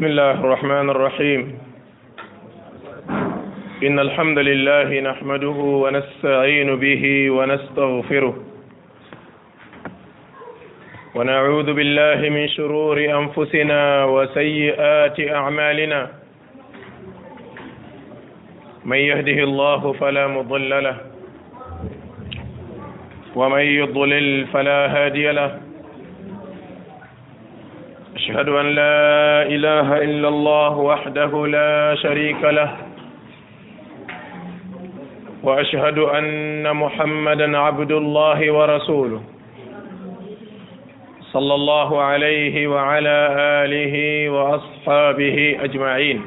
بسم الله الرحمن الرحيم إن الحمد لله نحمده ونستعين به ونستغفره ونعوذ بالله من شرور أنفسنا وسيئات أعمالنا من يهده الله فلا مضل له ومن يضلل فلا هادي له أشهد أن لا إله إلا الله وحده لا شريك له وأشهد أن محمدا عبد الله ورسوله صلى الله عليه وعلى آله وأصحابه أجمعين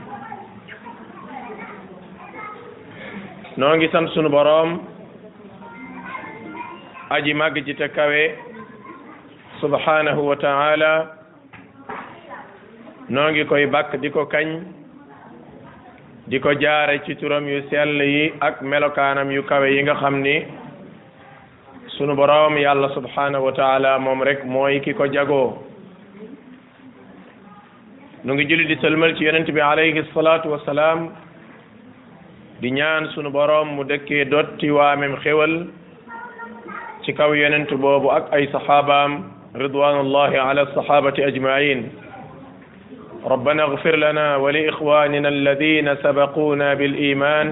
نونجي سامسون بروم أجي ماجي تكاوي سبحانه وتعالى noo ngi koy bakk di ko kañ di ko jaare ci turam yu sell yi ak melokaanam yu kawe yi nga xam ni sunu boroom yàlla subhanahu wa taala moom rek mooy ki ko jagoo nu ngi julli di sëlmal ci yonent bi alayhi salaatu wasalaam di ñaan sunu boroom mu dëkkee dotti waamem xéwal ci kaw yonent boobu ak ay saxaabaam ridwanullahi ala saxaabati ajmain ربنا اغفر لنا ولاخواننا الذين سبقونا بالايمان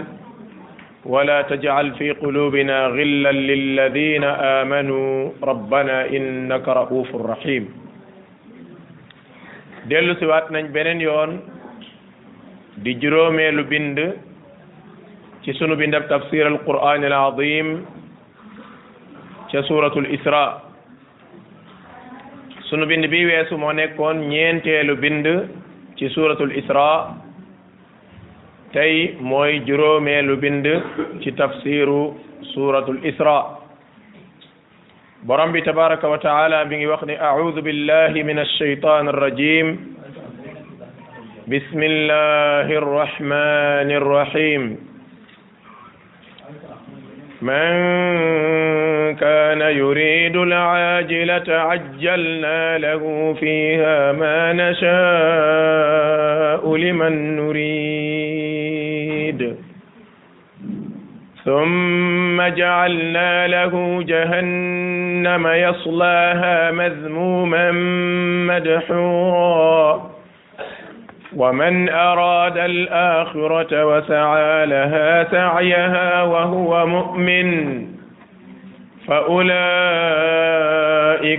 ولا تجعل في قلوبنا غلا للذين امنوا ربنا انك رؤوف رحيم dellu si waat nañ beneen yoon di juróomeelu bind ci sunu bindab tafsir alquran alazim ca suratul isra sunu bind bi weesu moo nekkoon ñeenteelu bind ci suuratul isra tey mooy juróomeelu bind ci tafsiru suuratul isra borom bi tabaraka wa taala mi ngi wax ne audu billahi min alshaytan arrajim bismillahi arrahmani arrahim من كان يريد العاجلة عجلنا له فيها ما نشاء لمن نريد ثم جعلنا له جهنم يصلاها مذموما مدحورا ومن أراد الآخرة وسعى لها سعيها وهو مؤمن فأولئك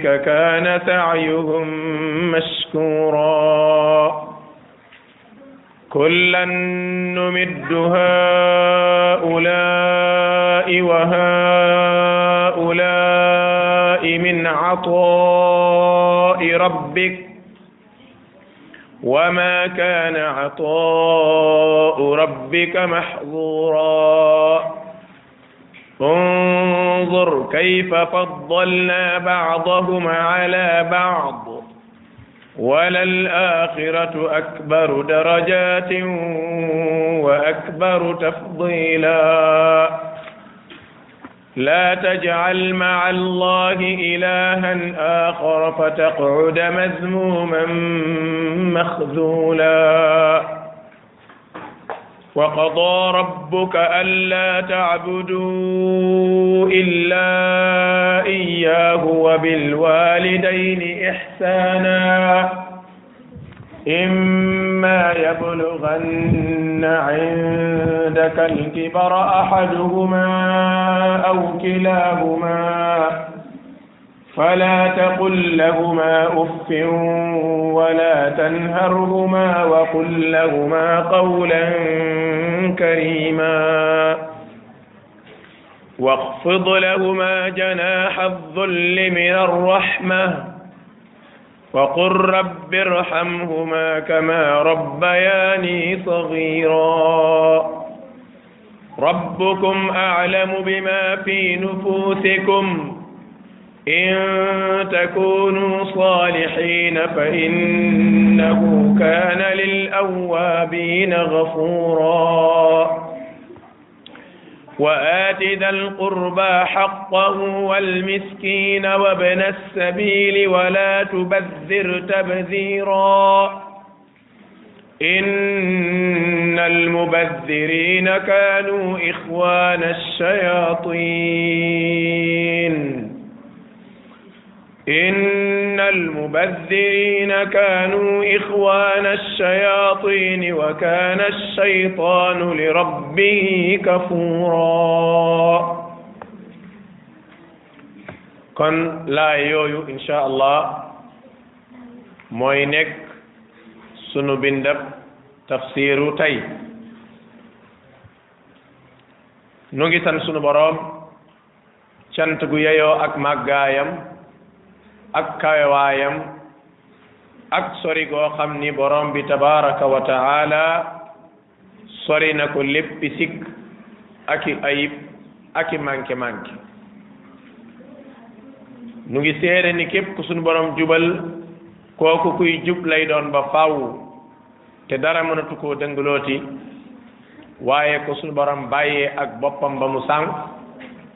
كان سعيهم مشكورا كلا نمد هؤلاء وهؤلاء من عطاء ربك وما كان عطاء ربك محظورا انظر كيف فضلنا بعضهم على بعض وللآخرة أكبر درجات وأكبر تفضيلاً لا تجعل مع الله إلها آخر فتقعد مذموما مخذولا وقضى ربك ألا تعبدوا إلا إياه وبالوالدين إحساناً إما يبلغن عندك الكبر أحدهما أو كلاهما فلا تقل لهما أف ولا تنهرهما وقل لهما قولا كريما واخفض لهما جناح الذل من الرحمه وقل رب ارحمهما كما ربياني صغيرا ربكم أعلم بما في نفوسكم إن تكونوا صالحين فإنه كان للأوابين غفوراً وآت ذا القربى حقه والمسكين وابن السبيل ولا تبذر تبذيرا إن المبذرين كانوا إخوان الشياطين إن المبذرين كانوا إخوان الشياطين وكان الشيطان لربه كفورا كن لا يويو إن شاء الله موينك سنو بندب تفسير تاي نوغي سنو بروم چنتو يايو اك ماغايام ak kawewaayam ak sori goo xam ni borom bi tabaraka wa taala sori na ko léppi sikk ak i ayib ak i manqué manqué nu ngi seere ni képp ku suñu borom jubal kooku kuy jub lay doon ba faaw te dara mënatu koo dëngalooti waaye ko suñu borom bàyyee ak boppam ba mu sànq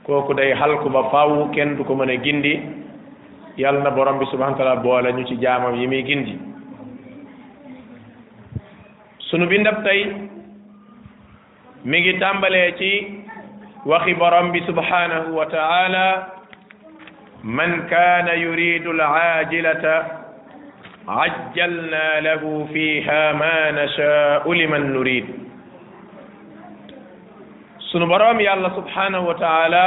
kooku day xalku ba faaw kenn du ko mën a gindi yal na borom bi subhanahu wa taala boole ñu ci jaamam yi muy gindi sunu bindab tey mi ngi tàmbalee ci waxi borom bi subhanahu wa taala man kaana yuridu alajilata عجلنا له فيها ما نشاء لمن نريد سنبرام يا الله سبحانه وتعالى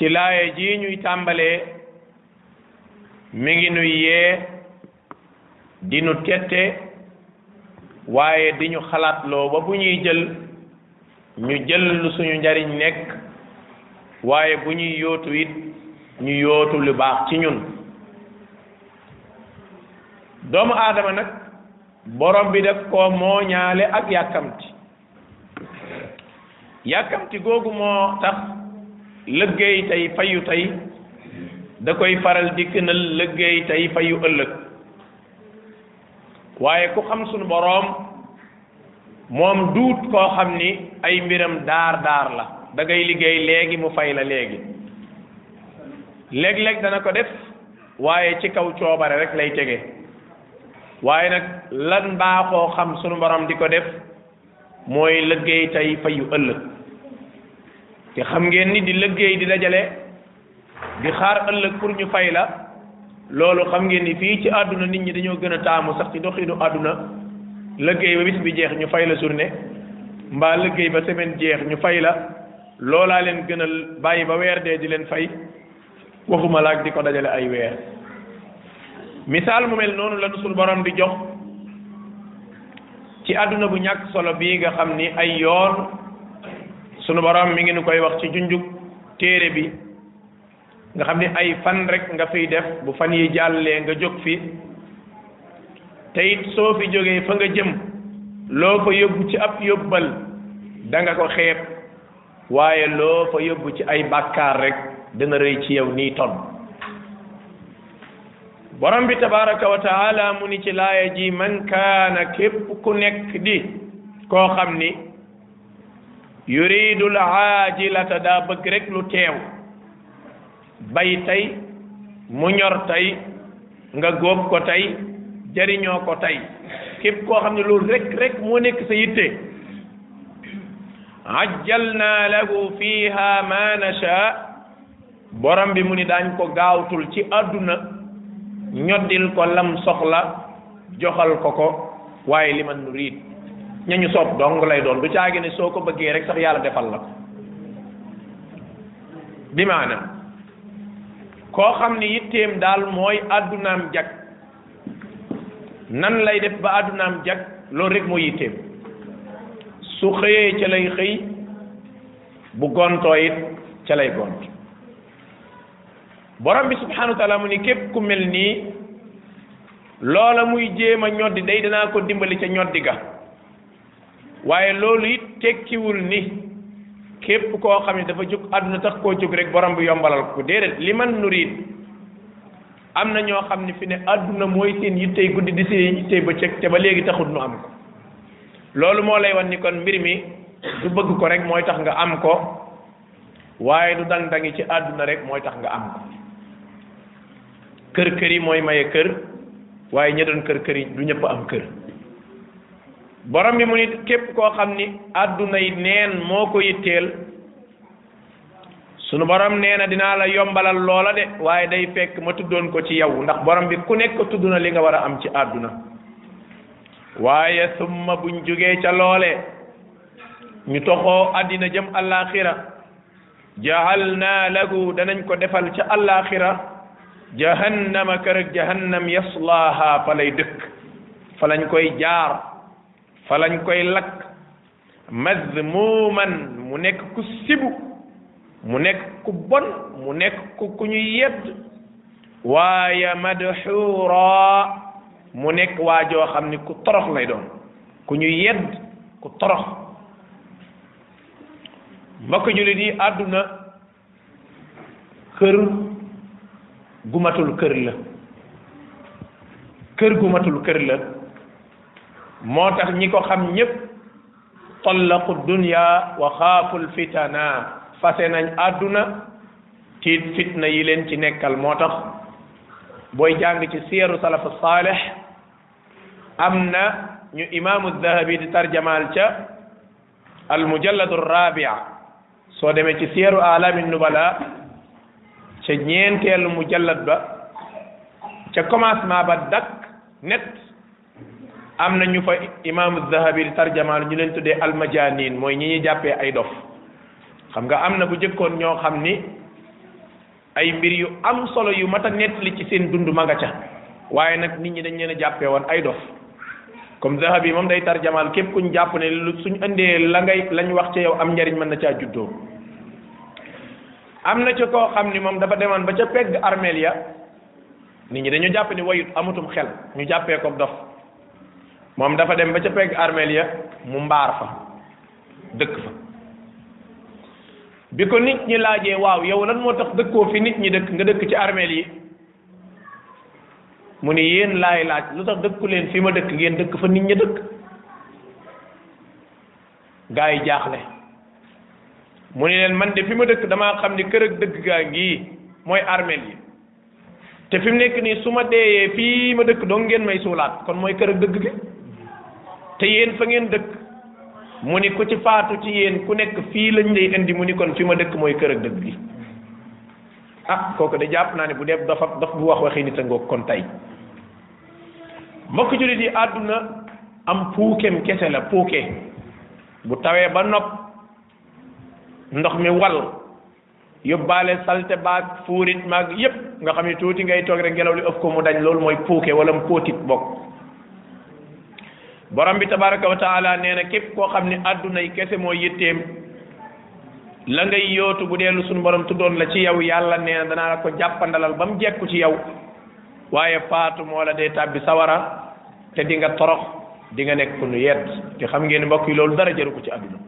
ci laaye ji ñuy tàmbalee mi ngi nuy yee di nu tette waaye di xalaatloo ba bu ñuy jël ñu jël lu suñu njariñ nekk waaye bu ñuy yootu it ñu yootu lu baax ci ñun doomu aadama nag borom bi def ko moo ñaale ak yàkkamti yàkkamti googu moo tax lëggéey tey fayu tey da koy faral di gënal lëggéey tey fayu ëllëg waaye ku xam sunu boroom moom duut koo xam ni ay mbiram daar daar la da liggéey léegi mu fay la léegi léeg-léeg dana ko def waaye ci kaw coobare rek lay tege waaye nag lan baaxoo xam sunu boroom di ko def mooy lëggéey tey fayu ëllëg te xam ngeen ni di liggéey di dajale di xaar ëllëg pour ñu fay la loolu xam ngeen ni fii ci àdduna nit ñi dañoo gën a taamu sax ci doxinu àdduna liggéey ba bis bi jeex ñu fay la journée mbaa liggéey ba semaine jeex ñu fay la loolaa leen gën a bàyyi ba weer dee di leen fay waxuma laag di ko dajale ay weer misaal mu mel noonu la nu suñu borom di jox ci àdduna bu ñàkk solo bii nga xam ni ay yoon sunu borom mi ngi nu koy wax ci junjug téere bi nga xam ne ay fan rek nga fiy def bu fan yi jàllee nga jóg fi te soo fi jógee fa nga jëm loo fa yóbbu ci ab yóbbal da ko xeeb waaye loo fa ci ay bàkkaar rek dana rëy ci yow nii ton borom bi tabaraka wa taala mu ni ci laaya ji man kaana képp ku nekk di koo xam ni yuridul aajilata daa bëgg rekk lu teew bay tey mu ñor tey nga góob ko tey jariñoo ko tey képp koo xam ne loolu rek rek moo nekk sa yitte ajjalna lahu fiha ma nasha borom bi mu ni daañ ko gaawtul ci àdduna ñoddil ko lam soxla joxal ko ko waaye liman nurid ñañu soob dong lay doon lu caagi ne soo ko bëggee rek sax yàlla defal la ko bi maanaam koo xam ne yitteem daal mooy àddunaam jag nan lay def ba àddunaam jag loolu rek mooy yitteem su xëyee ca lay xëy bu gontoo ca lay gont borom bi subhanahu wa mu ni képp ku mel nii loola muy jéem a ñoddi day danaa ko dimbali ca ñoddi ga waaye loolu it tekkiwul ni képp koo xam ne dafa jóg àdduna tax koo jóg rek borom bi yombalal ko déedéet li man nurid am na ñoo xam ne fi ne àdduna mooy seen yittey guddi di seen yittey bëccëg te ba léegi taxut nu am ko loolu moo lay wan ni kon mbir mi du bëgg ko rek mooy tax nga am ko waaye nu dang dangi ci àdduna rek mooy tax nga am ko kër kër yi mooy maye kër waaye ña doon kër kër yi du ñëpp am kër borom bi mu nit képp koo xam ni addunay neen moo ko yitteel sunu borom nee na dinaa la yombalal loola de waaye day fekk ma tuddoon ko ci yow ndax borom bi ku nekk tudd na li nga war a am ci àdduna waaye summa buñ jógee ca loole ñu toxoo addina jëm allaaxira jahal naa lagu danañ ko defal ca allaaxira jahannama kër ak jahannam yaslaaha fa lay dëkk fa lañ koy jaar fa lañ koy lakk mazmuman mu nekk ku sibu mu nekk ku bon mu nekk ku ku ñu yedd waaye madxuura mu nekk waa joo xam ni ku torox lay doon ku ñu yedd ku torox mbokk jullit yi àdduna kër gumatul kër la kër gumatul kër la moo tax ñi ko xam ñépp tallaqu dunya wa xaaful fitana fase nañ àdduna tiit fitna yi leen ci nekkal moo tax booy jàng ci siyaru salaf saalih am na ñu imaamu dahabi di tarjamaal ca al mujalladu rabia soo demee ci siyaru alami nubala ca ñeenteelu mujallad ba ca commencement ba dakk net am na ñu fa imaamu zahabi di tarjamaal ñu leen tuddee almajanin mooy ñi ñuy jàppee ay dof xam nga am na bu jëkkoon ñoo xam ni ay mbir yu am solo yu mat a nettali ci seen dund ma nga ca waaye nag nit ñi dañ leen a jàppee woon ay dof comme zahabi moom day tarjamaal képp kuñ jàpp ne lu suñ indee la ngay lañ wax ca yow am njariñ mën na caa juddoo am na ca koo xam ni moom dafa demoon ba ca pegg armeel ya nit ñi dañu jàpp ni wayut amutum xel ñu jàppee ko dof moom dafa dem ba ca pegg armeel ya mu mbaar fa dëkk fa bi ko nit ñi laajee waaw yow lan moo tax dëkkoo fi nit ñi dëkk nga dëkk ci armeel yi mu ni yéen laay laaj lu tax dëkku leen fi ma dëkk ngeen dëkk fa nit ñi dëkk gaa yi jaaxle mu ne leen man de fi ma dëkk damaa xam ni kër ak dëkk gaa ngi mooy armeel yi te fi mu nekk nii su ma deeyee fii ma dëkk dong ngeen may suulaat kon mooy kër ak dëgg gi te yéen fa ngeen dëkk mu ni ku ci faatu ci yéen ku nekk fii lañ lay indi mu ni kon fi ma dëkk mooy kër ak dëkk gi ah kooku de jàpp naa ne bu dee dafa daf bu wax waxi nit a ngoog kon tey mbokk jullit yi àdduna am puukem kese la puuke bu tawee ba nopp ndox mi wal yóbbaale salte baag fuurit maag yépp nga xam ne tuuti ngay toog rek ngelaw li ëf ko mu dañ loolu mooy puuke wala mu póotit bokk borom bi tabaraka wa taala nee na képp koo xam ne adduna yi kese mooy yitteem la ngay yootu bu dee lu sunu borom tuddoon la ci yow yàlla nee danaa la ko jàppandalal ba mu jekku ci yow waaye faatu moo la dee tàbbi sawara te di nga torox di nga nekk nu yedd te xam ngeen mbokk yi loolu dara jëru ko ci adduna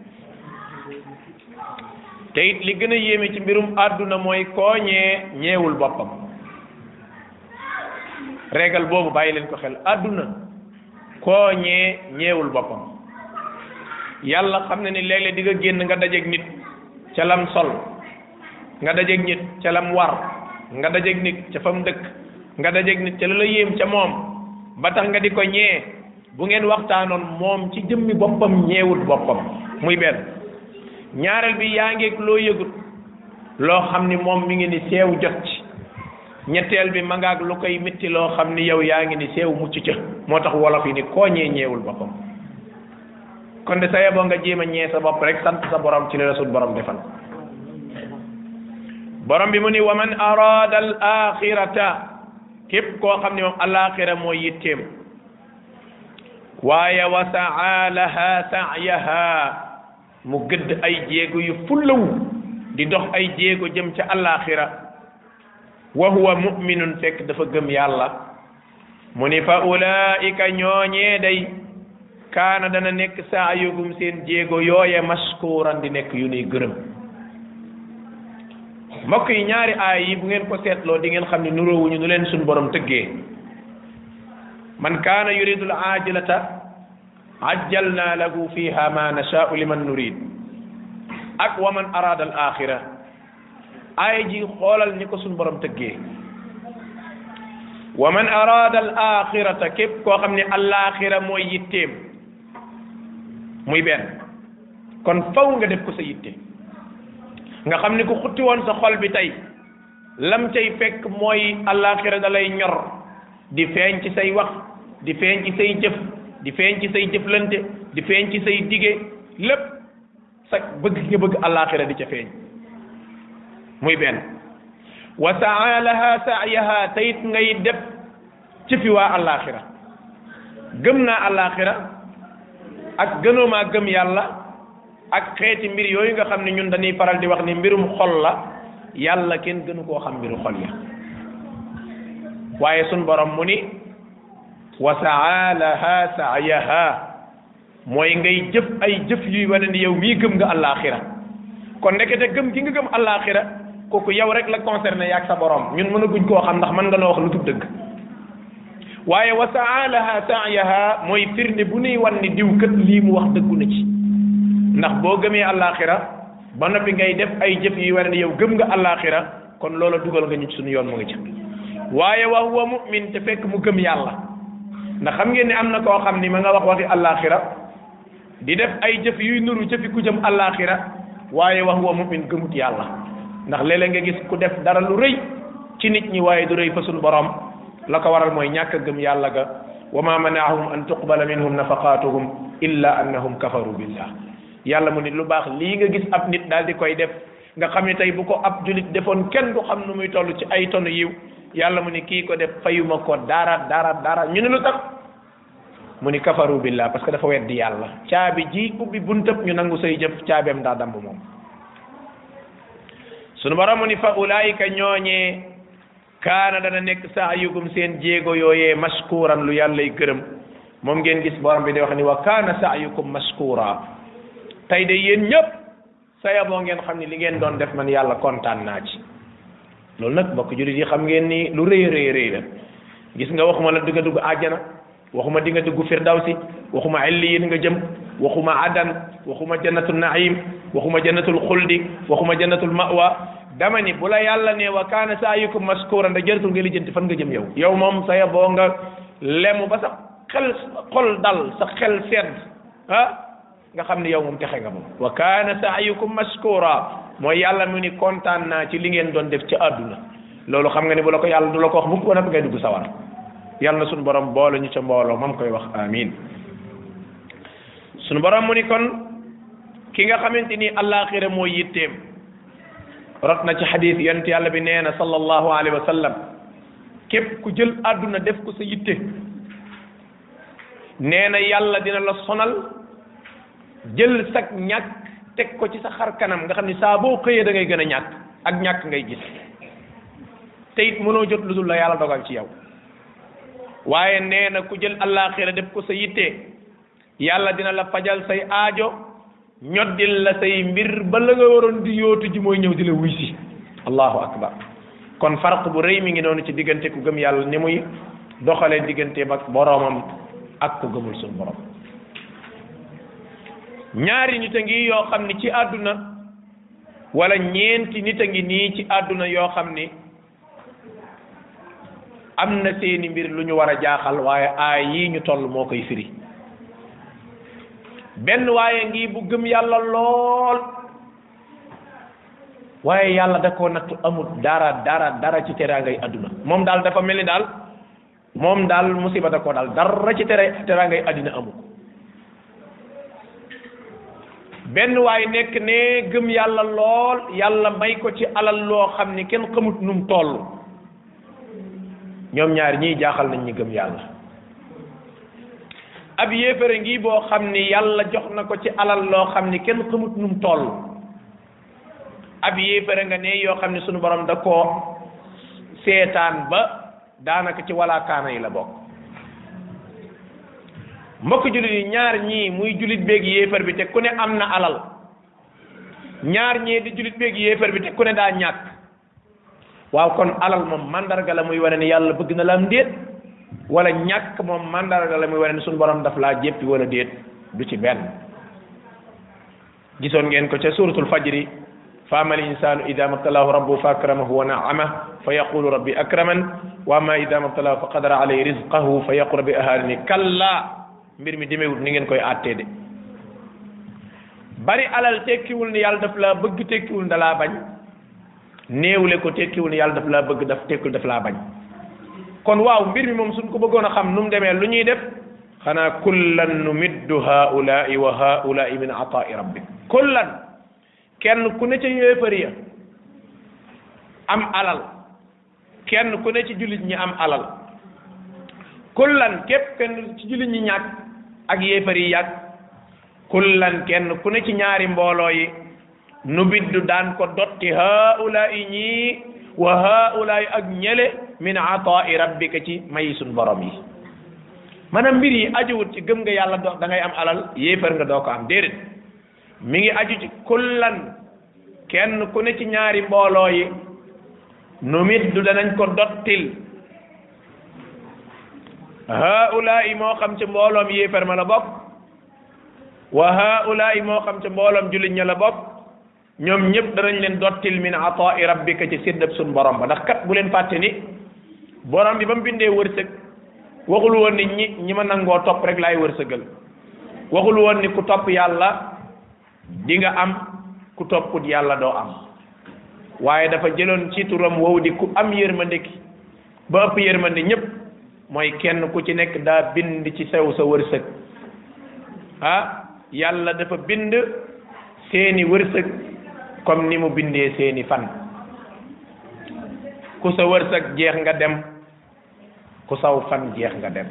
te it li gën a yéeme ci mbirum àdduna mooy kooñee ñeewul boppam régal boobu bàyyi leen ko xel àdduna koo ñee ñeewul boppam yàlla xam na ni léeg-léeg di nga génn nga dajeeg nit ca lam sol nga dajeeg nit ca lam war nga dajeeg nit ca fam dëkk nga dajeeg nit ca la la yéem ca moom ba tax nga di ko ñee bu ngeen waxtaanoon moom ci jëmmi boppam ñeewul boppam muy benn ñaareel bi yaa ngeeg loo yëgut loo xam ni moom mu ngi ni seew jot ñetteel bi ma ngaag lu koy métti loo xam ni yow yaa ngi ni seew mucc ca moo tax wolof yi koo kooñee ñeewul boppam kon de sa yeboo nga jéem a ñee sa bopp rek sant sa borom ci la sut borom defal borom bi mu ni wa man arada al axirata képp koo xam ne moom alaxira mooy yitteem waaye wa saayaha mu gëdd ay jéego yu fullawu di dox ay jéego jëm ca alaxira wa huwa muminun fekk dafa gëm yàlla mu ni fa ulaika ñooñee day kaana dana nekk saa yugum seen jéego yooye maskuuran di nekk yu nuy gërëm mbokk yi ñaari aay yi bu ngeen ko seetloo di ngeen xam ne nuroowuñu nu leen suñ borom tëggee man kaana yuridul aajilata ajjal naa lahu fiha ma nashaau liman nurid ak wa man araada al aay ji xoolal ni ko suñu boroom tëggee wa man araada al axirata képp koo xam ne alaaxira mooy yitteem muy benn kon faw nga def ko sa yitte nga xam ne ku xutti woon sa xol bi tey lam cay fekk mooy alaaxira da ñor di feeñ ci say wax di feeñ ci say jëf di feeñ ci say jëflante di feeñ ci say dige lépp sa bëgg nga bëgg alaaxira di ca feeñ muy ben wa saalaha sa'yaha tayit ngay def ci fi al-akhirah gëm al-akhirah ak gënoma gëm yàlla ak xeeti mbir yoy nga xamni ñun dañuy faral di wax ni mbirum xol la yàlla ken gënu ko xam mbiru xol ya waye sun borom mu ni wa saalaha sa'yaha moy ngay jëf ay jëf yu wane ni yow mi gëm nga al-akhirah kon nekete gëm gi nga gëm al-akhirah kooku yow rek la concerné ak sa borom ñun mënaguñ koo xam ndax man nga noo wax lu tub dëgg waaye wa saalaha saayaha mooy firnde bu nuy wan ni diw kat lii mu wax dëggu na ci ndax boo gëmee àllaaxira ba noppi ngay def ay jëf yi war ne yow gëm nga àllaaxira kon loola dugal nga ñu suñu yoon mu ngi ci waaye wa huwa mu'min te fekk mu gëm yàlla ndax xam ngeen ne am na koo xam ni ma nga wax waxi àllaaxira di def ay jëf yuy nuru jëfi ku jëm àllaaxira waaye wa huwa mu'min gëmut yàlla ndax léeg-léeg nga gis ku def dara lu rëy ci nit ñi waaye du rëy fa suñu borom la ko waral mooy ñàkk gëm yàlla ga wa ma manaahum an tuqbala minhum nafaqatuhum illa annahum kafaru billah yàlla mu nit lu baax lii nga gis ab nit daal di koy def nga xam ne tey bu ko ab julit defoon kenn du xam nu muy toll ci ay tonu yiw yàlla mu ni kii ko def fayuma ko dara dara dara ñu ne lu tax mu ni kafaru billah parce que dafa weddi yàlla caabi ji ubbi buntab ñu nangu say jëf caabeem daa damb moom sunu borom mu ni fa ulaayika ñooñee kaana dana nekk saayukum seen jéego yooyee maskuuran lu yàllay gërëm moom ngeen gis borom bi di wax ni wa kaana saayukum maskuura tey de yéen ñëpp saya boo ngeen xam ni li ngeen doon def man yàlla kontaan naa ci loolu nag mbokk jullit yi xam ngeen nii lu rëy rëy rëy la gis nga waxuma la di nga dugg àjjana waxuma di nga dugg firdawsi waxuma alliyin nga jëm waxuma adan waxuma jannatul naim waxuma jannatul khuldi waxuma jannatul ma'wa dama ni bu la yàlla ne wa kaana saayukum maskura nda jërtul nga lijjanti fan nga jëm yow yow moom sa yaboo nga lemu ba sa xel xol dal sa xel sedd ah nga xam ne yow moom texe nga moom wa kaana saayukum maskura mooy yàlla mu ni kontaan naa ci li ngeen doon def ci àdduna loolu xam nga ni bu la ko yàlla du la ko wax mukk ba nag ngay dugg sawar yàlla na suñu borom boole ñu ca mbooloo mam koy wax amin sunu borom mu ni kon ki nga xamante ni allaaxira mooy yitteem rot na ci xadis yonent yàlla bi nee na sallallahu alayhi wa sallam képp ku jël àdduna def ko sa yitte nee na yàlla dina la sonal jël sag ñàkk teg ko ci sa xar kanam nga xam ni saa boo xëyee dangay gën a ñàkk ak ñàkk ngay gis te it mënoo jot lu dul la yàlla dogal ci yow waaye nee na ku jël allaaxira def ko sa yitte yàlla dina la fajal say aajo ñoddil la say mbir ba la nga waroon di yootu ji mooy ñëw di la wuy si allahu akbar kon farq bu rëy mi ngi noonu ci diggante ku gëm yàlla ni muy doxalee digganteem ak boroomam ak ku gëmul suñu borom ñaari nit a ngi yoo xam ni ci àdduna wala ñeenti nit a ngi nii ci àdduna yoo xam ni am na seeni mbir lu ñu war a jaaxal waaye aay yii ñu toll moo koy firi benn waaye ngi bu gëm yàlla lool waaye yàlla da koo nattu amul dara dara dara ci teraangay àdduna moom daal dafa mel ni daal moom daal musiba da daal dara ci tere teraangay àddina amul benn waay nekk ne gëm yàlla lool yàlla may ko ci alal loo xam ni kenn xamut num toll ñoom ñaar ñiy jaaxal nañ ñi gëm yàlla ab yéefare ngi boo xam ni yàlla jox na ko ci alal loo xam ni kenn xamut num toll ab yéefare nga ne yoo xam ne suñu borom da koo seetaan ba daanaka ci walaakaana yi la bokk mbokk jullit yi ñaar ñii muy jullit beeg yéefar bi te ku ne am na alal ñaar ñii di jullit beeg yéefar bi te ku ne daa ñàkk waaw kon alal moom mandarga la muy wane ne yàlla bëgg na la am déet wala ñàkk moom mandarga la muy wane ne borom daf laa jéppi wala déet du ci benn gisoon ngeen ko ca suratul fajri fa ama al insanu ida mabtalahu rabbu fa akramahu wa naama fa yaqulu rabbi fa qadara alayhi rizqahu fa yaqulu rabbi ahaani kalla mbir mi demewut ni ngeen koy àttee de bari alal tekkiwul ni yàlla daf laa bëgg tekkiwul da laa bañ néewle ko tekkiwul ni yàlla daf laa bëgg daf tekkul daf laa bañ kon waaw mbir mi moom suñ ko bëggoon a xam nu mu demee lu ñuy def xanaa kullan numiddu haulaai wa haulaai min ataai rabbik kullan kenn ku ne ca yéefar am alal kenn ku ne ci jullit ñi am alal kullan képp kenn ci jullit ñi ñàkk ak yéefar yi yàgg kullan kenn ku ne ci ñaari mbooloo yi nu biddu daan ko dotti haulaai ñii wa haulaai ak ñële min ata'i rabbika ci mayi suñ borom yi maanaam mbir yi ajuwut ci gëm nga yàlla do dangay am alal yéefar nga doo ko am déedéet mi ngi aju ci kullan kenn ku ne ci ñaari mbooloo yi numit du danañ ko dottil haulaai moo xam ci mbooloom yéefar ma la bokk wa haulaai moo xam ci mbooloom jullit ña la bokk ñoom ñëpp danañ leen dottil min ata'i rabbika ci séddab sun borom ba ndax kat bu leen fàtte borom bi ba mu bindee wërsëg waxul woon ni ñi ñi ma nangoo topp rek laay wërsëgal waxul woon ni ku topp yàlla di nga am ku topput yàlla doo am waaye dafa jëloon ci turam wow ku am yërmande ki ba ëpp yërmande ñépp mooy kenn ku ci nekk daa bind ci sew sa wërsëg ah yàlla dafa bind seeni wërsëg comme ni mu bindee seeni fan ku sa wërsëg jeex nga dem ku saw fan jeex nga dem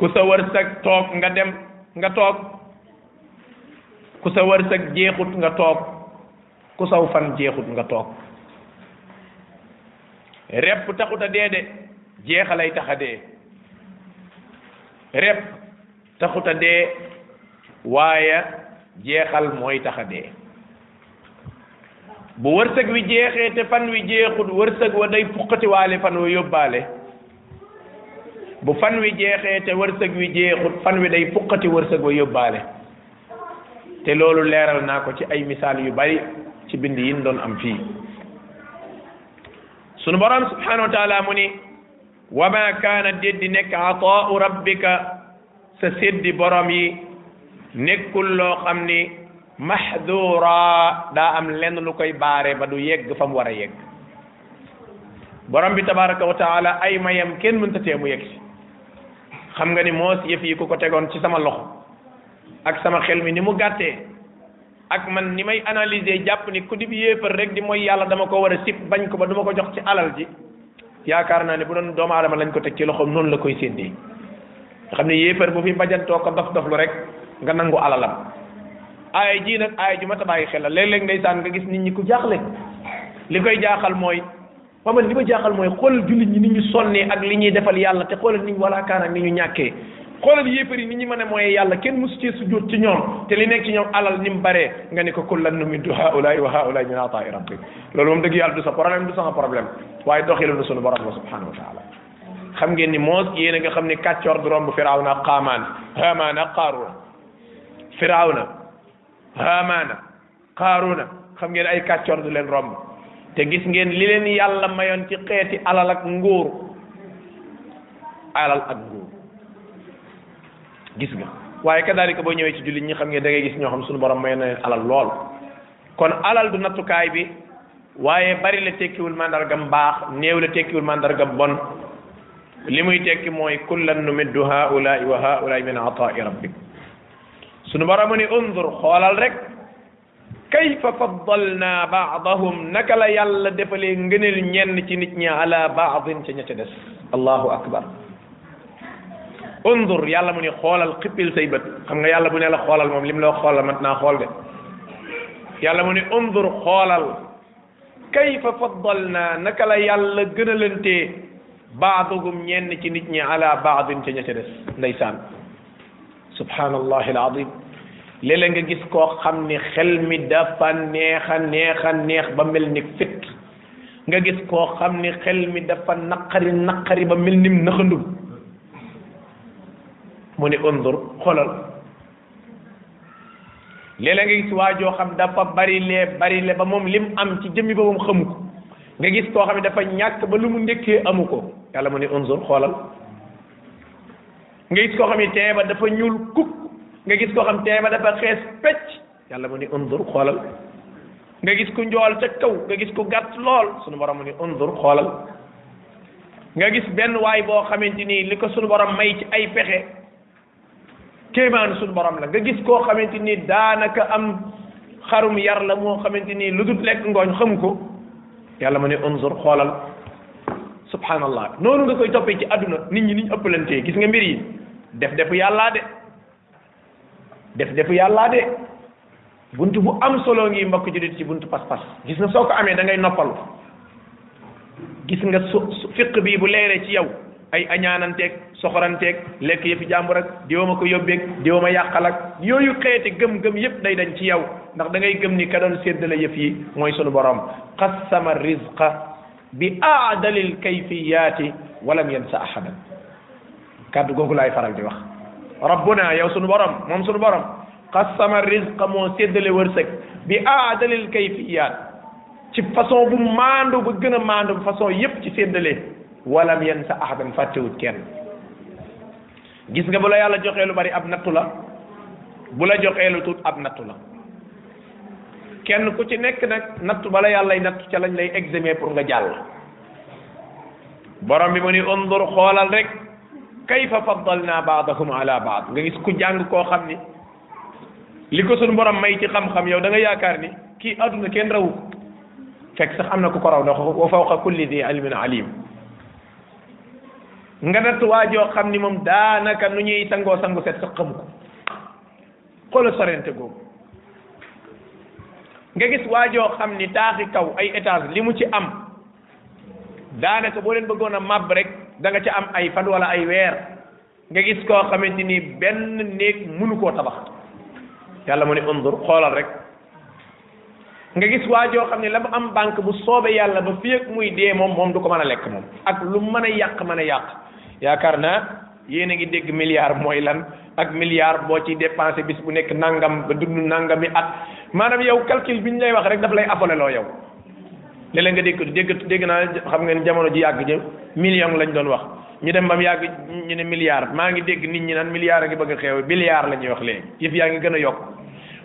ku sa wërsëg nga dem nga toog ku sa wërsëg jeexut nga toog ku saw fan jeexut nga toog repp taxut a dee de jeexalay tax a dee repp taxut dee waaye jeexal mooy taxa dee bu wërsëg wi jeexee te fan wi jeexut wërsëg wa day puqatiwaale fan wa yóbbaale bu fan wi jeexee te wërsëg wi jeexut fan wi day puqati wërsëg wa yóbbaale te loolu leeral naa ko ci ay misaal yu bari ci bind yin doon am fii sunu borom subhanahu wa taala mu ni wa ma kaana déddi nekk ataau rabbika sa séddi borom yi nekkul loo xam ni mahdura daa am lenn lu koy baare ba du yegg fa mu war a yegg borom bi tabaraka wa taala ay mayam kenn mënta mu yegg si xam nga ni moo yëf yi ku ko tegoon ci sama loxo ak sama xel mi ni mu gàttee ak man ni may analyser jàpp ni ku dib yéefar rek di mooy yàlla dama ko war a sip bañ ko ba duma ko jox ci alal ji yaakaar naa ne bu doon doomu aadama lañ ko teg ci loxoom noonu la koy séddee nga xam ne yéefar bu fi bajantoo ko dof doflu rek nga nangu alalam aaya ji nag aaya ju ma ta bàyyi xel la léeg-léeg ndeysaan nga gis nit ñi ku jaaxle li koy jaaxal mooy ba man li ma jaaxal mooy xoolal jullit ñi ni ñu sonnee ak li ñuy defal yàlla te xoolal nit ñi walaakaan ak ni ñu ñàkkee xoolal yéefar yi ni ñu mën a mooy yàlla kenn mosu cee sujjóot ci ñoom te li nekk ci ñoom alal ni mu baree nga ne ko kullan numiddu haulaai wa haulaai min ataai rabbik loolu moom dëgg yàlla du sa problème du sama problème waaye doxilinu sunu borom la subhanahu wa taala xam ngeen ni moos yéen a nga xam ne kàccoor du romb firawna ak xaamaan haamaan ak qaaruun firawna haamaana xaaruna xam ngeen ay kàccoor du leen romb te gis ngeen li leen yàlla mayoon ci xeeti alal ak nguur alal ak nguur gis nga waaye kadaalika boo ñëwee ci jullit ñi xam ngeen da ngay gis ñoo xam suñu borom mayoon na leen alal lool kon alal du nattukaay bi waaye bari la tekkiwul mandargam baax néew la tekkiwul mandargam bon li muy tekki mooy kullan numiddu haulaai wa haulaai min ataai rabbik sunu borom ni undur xoolal rek kayfa faddalna baadahum naka la yàlla defalee ngëneel ñenn ci nit ñi ala baadin ca ña ca des allahu akbar undur yàlla mu ni xoolal xippil say bët xam nga yàlla bu ne la xoolal moom lim la wax mat naa xool de yàlla mu ni undur xoolal kayfa faddalna naka la yàlla gënalante baadugum ñenn ci nit ñi ala baadin ca ña ca des ndeysaan subhanallahi alazim léeg nga gis koo xam ni xel mi dafa neex a neex a neex ba mel ni fit nga gis koo xam ni xel mi dafa naqari naqari ba mel ni mu naxandum mu ne undur xoolal léeg-léeg nga gis waa joo xam dafa bari lee bari lee ba moom lim am ci jëmmi ba moom xamu nga gis koo xam ne dafa ñàkk ba lu mu ndekkee amu ko yàlla mu ne undur xoolal nga gis koo xam ne teen dafa ñuul kukk nga gis koo xam teen ba dafa xees pecc yàlla mu ni undur xoolal nga gis ku njool ca kaw nga gis ku gàtt lool suñu borom mu ni undur xoolal nga gis benn waay boo xamante ni li ko suñu borom may ci ay pexe kéemaan suñu borom la nga gis koo xamante ni daanaka am xarum yar la moo xamante ni lu dul lekk ngooñ xam ko yàlla mu ni undur xoolal subhanallah noonu nga koy toppee ci àdduna nit ñi niñ ëppalantee gis nga mbir yi def defu yàllaa de def defu yàllaa de bunt bu am solo ngi mbokk julit ci bunt pas-pas gis nga soo ko amee da ngay noppalu gis nga su fiq bii bu leeree ci yow ay añaananteeg soxoranteeg lekk yëfi jàmbur ak diwooma ko yóbbeeg diwooma yàqal ak yooyu xeeti gëm-gëm yëpp day dañ ci yow ndax da ngay gëm ni ka doon séddale yëf yi mooy sunu boroom qassama rizqa bi aadalil kayfiyaati walam yansa ahadan kàddu googu laay faral di wax rabbuna yow sunu borom moom sunu borom qassama rizqa moo séddale wërsëg bi aadalil kayfiyaat ci façon bu maandu ba gën a maandu façon yépp ci séddale walam yansa ahadan fàttewut kenn gis nga bu la yàlla joxee lu bari ab nattu la bu la joxee lu tuut ab nattu la kenn ku ci nekk nag nattu bala yàllay nattu ca lañ lay examen pour nga jàll borom bi mu ni undur xoolal rek kayfa faddalna baadahum ala baad nga gis ku jàng koo xam ni li ko suñu borom may ci xam-xam yow da nga yaakaar ni kii àdduna kenn rawu fekk sax am na ku ko raw ndax wa fawqa kulli di ilmin alim nga waa waajoo xam ni moom daanaka nu ñuy sangoo sangu set sax xamu ko xoolal sorente googu nga gis waajoo xam ni taaxi kaw ay étage li mu ci am daanaka boo leen bëggoon a màbb rek danga ci am ay fan wala ay weer nga gis koo xamante nii benn néeg mënu koo tabax yàlla mu ne undur xoolal rek nga gis waajoo xam ne la mu am banque bu soobee yàlla ba fii ak muy dee moom moom du ko mën a lekk moom ak lu mën a yàq mën a yàq yaakaar naa yéen a ngi dégg milliard mooy lan ak milliard boo ci dépensé bis bu nekk nangam ba dund nangami at maanaam yow calcul bi ñu lay wax rek daf lay affoleloo yow léeg-léeg nga dégg dégg dégg naa xam ngeen jamono ji yàgg ji million lañ doon wax ñu dem ba mu yàgg ñu ne milliard maa ngi dégg nit ñi naan milliar a ngi bëgg a xew milliard la ñuy wax léegi yëf yaa ngi gën a yokk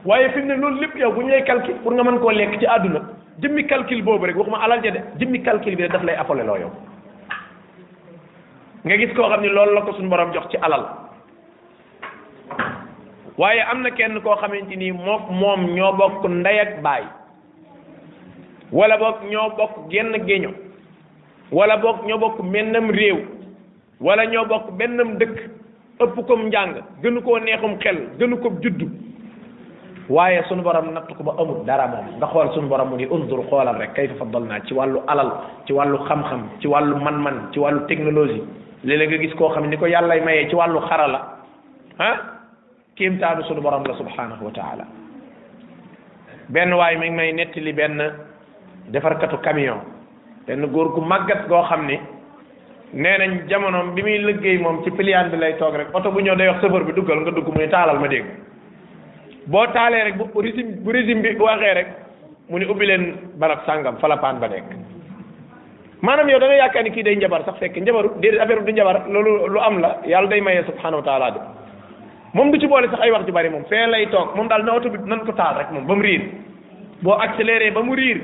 waaye fi mu ne loolu lépp yow bu ñu lay calcul pour nga mën koo lekk ci àdduna jëmmi calcul boobu rek waxuma alal ja de jëmmi calcul bi rek daf lay affoleloo yow nga gis koo xam ne loolu la ko suñu borom jox ci alal waaye am na kenn koo xamante ni mook moom ñoo bokk ndey ak baay wala boog ñoo bokk genn géño wala boog ñoo bokk mennam réew wala ñoo bokk bennam dëkk ëpp ko njàng gënu koo neexum xel gënu ko juddu waaye sunu borom natt ko ba amul dara moom nga xool suñu borom mu ni undur xoolal rek kayfa naa ci wàllu alal ci wàllu xam-xam ci wàllu man-man ci wàllu technologie léeg-léeg nga gis koo xam ni ko yàllay mayee ci wàllu xarala ah kéemtaanu sunu borom la subhanahu wa taala benn waay mi may nettali benn defarkatu camion benn góor gu màggat goo xam ni nee nañ jamonoom bi muy liggéey moom ci pliant bi lay toog rek oto bu ñëw day wax chauffeur bi duggal nga dugg mu ne taalal ma dégg boo taalee rek bu régime bu régime bi waxee rek mu ne ubbi leen barab sàngam fa la paan ba nekk maanaam yow da nga kii day njabar sax fekk njabaru déedéet affaire bi du njabar loolu lu am la yàlla day maye subhanahu moom du ci boole sax ay wax ju bari moom fee lay toog moom daal na oto bi nan ko taal rek moom ba mu riir boo accéléré ba mu riir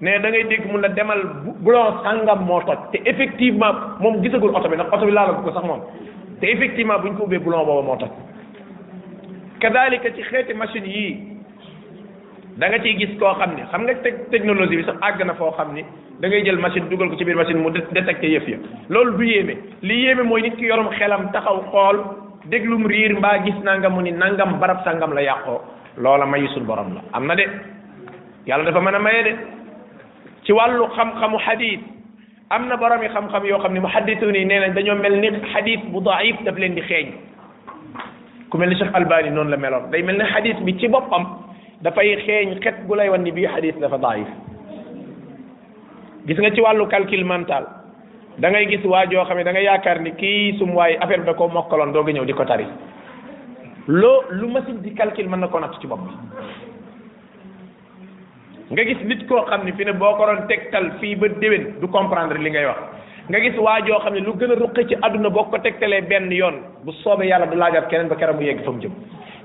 ne dangay dégg mun la demal bu boulon sàngam moo toj te effectivement moom gisagul oto bi ndax oto bi laalagu ko sax moom te effectivement bu ñu ko ubbee boulon boobu moo toj kadalika ci xeeti machine yi da nga ciy gis koo xam ne xam nga teg technologie bi sax àgg na foo xam ni dangay jël machine dugal ko ci biir machine mu détecté yëf ya loolu du yéeme li yéeme mooy nit ki yorum xelam taxaw xool déglum riir mbaa gis nangam mu ni nangam barab sangam la yàqoo loola mayu suñ borom la am na de yàlla dafa mën a maye de ci wàllu xam-xamu xadiit am na borom yi xam-xam yoo xam ne mu xadditu nii nee nañ dañoo mel ni xadiit bu daif daf leen di xeeñ ku mel ni Cheikh Albani noonu la meloon day mel ni xadiit bi ci boppam dafay xeeñ xet gu lay wan ni bii xadiit dafa daif gis nga ci wàllu calcul mental da ngay gis waa joo xam ne da yaakaar ni kii sum waay affaire bi da mokkaloon doo a ñëw di ko tari loo lu machine di calcul mën na koo natt ci bopp nga gis nit koo xam ne fi ne boo ko doon tegtal fii ba déwén du comprendre li ngay wax nga gis waa joo xam ne lu gën a ruqe ci àdduna boo ko tegtalee benn yoon bu soobee yàlla du laajaat keneen ba keroog bu yegg fa mu jëm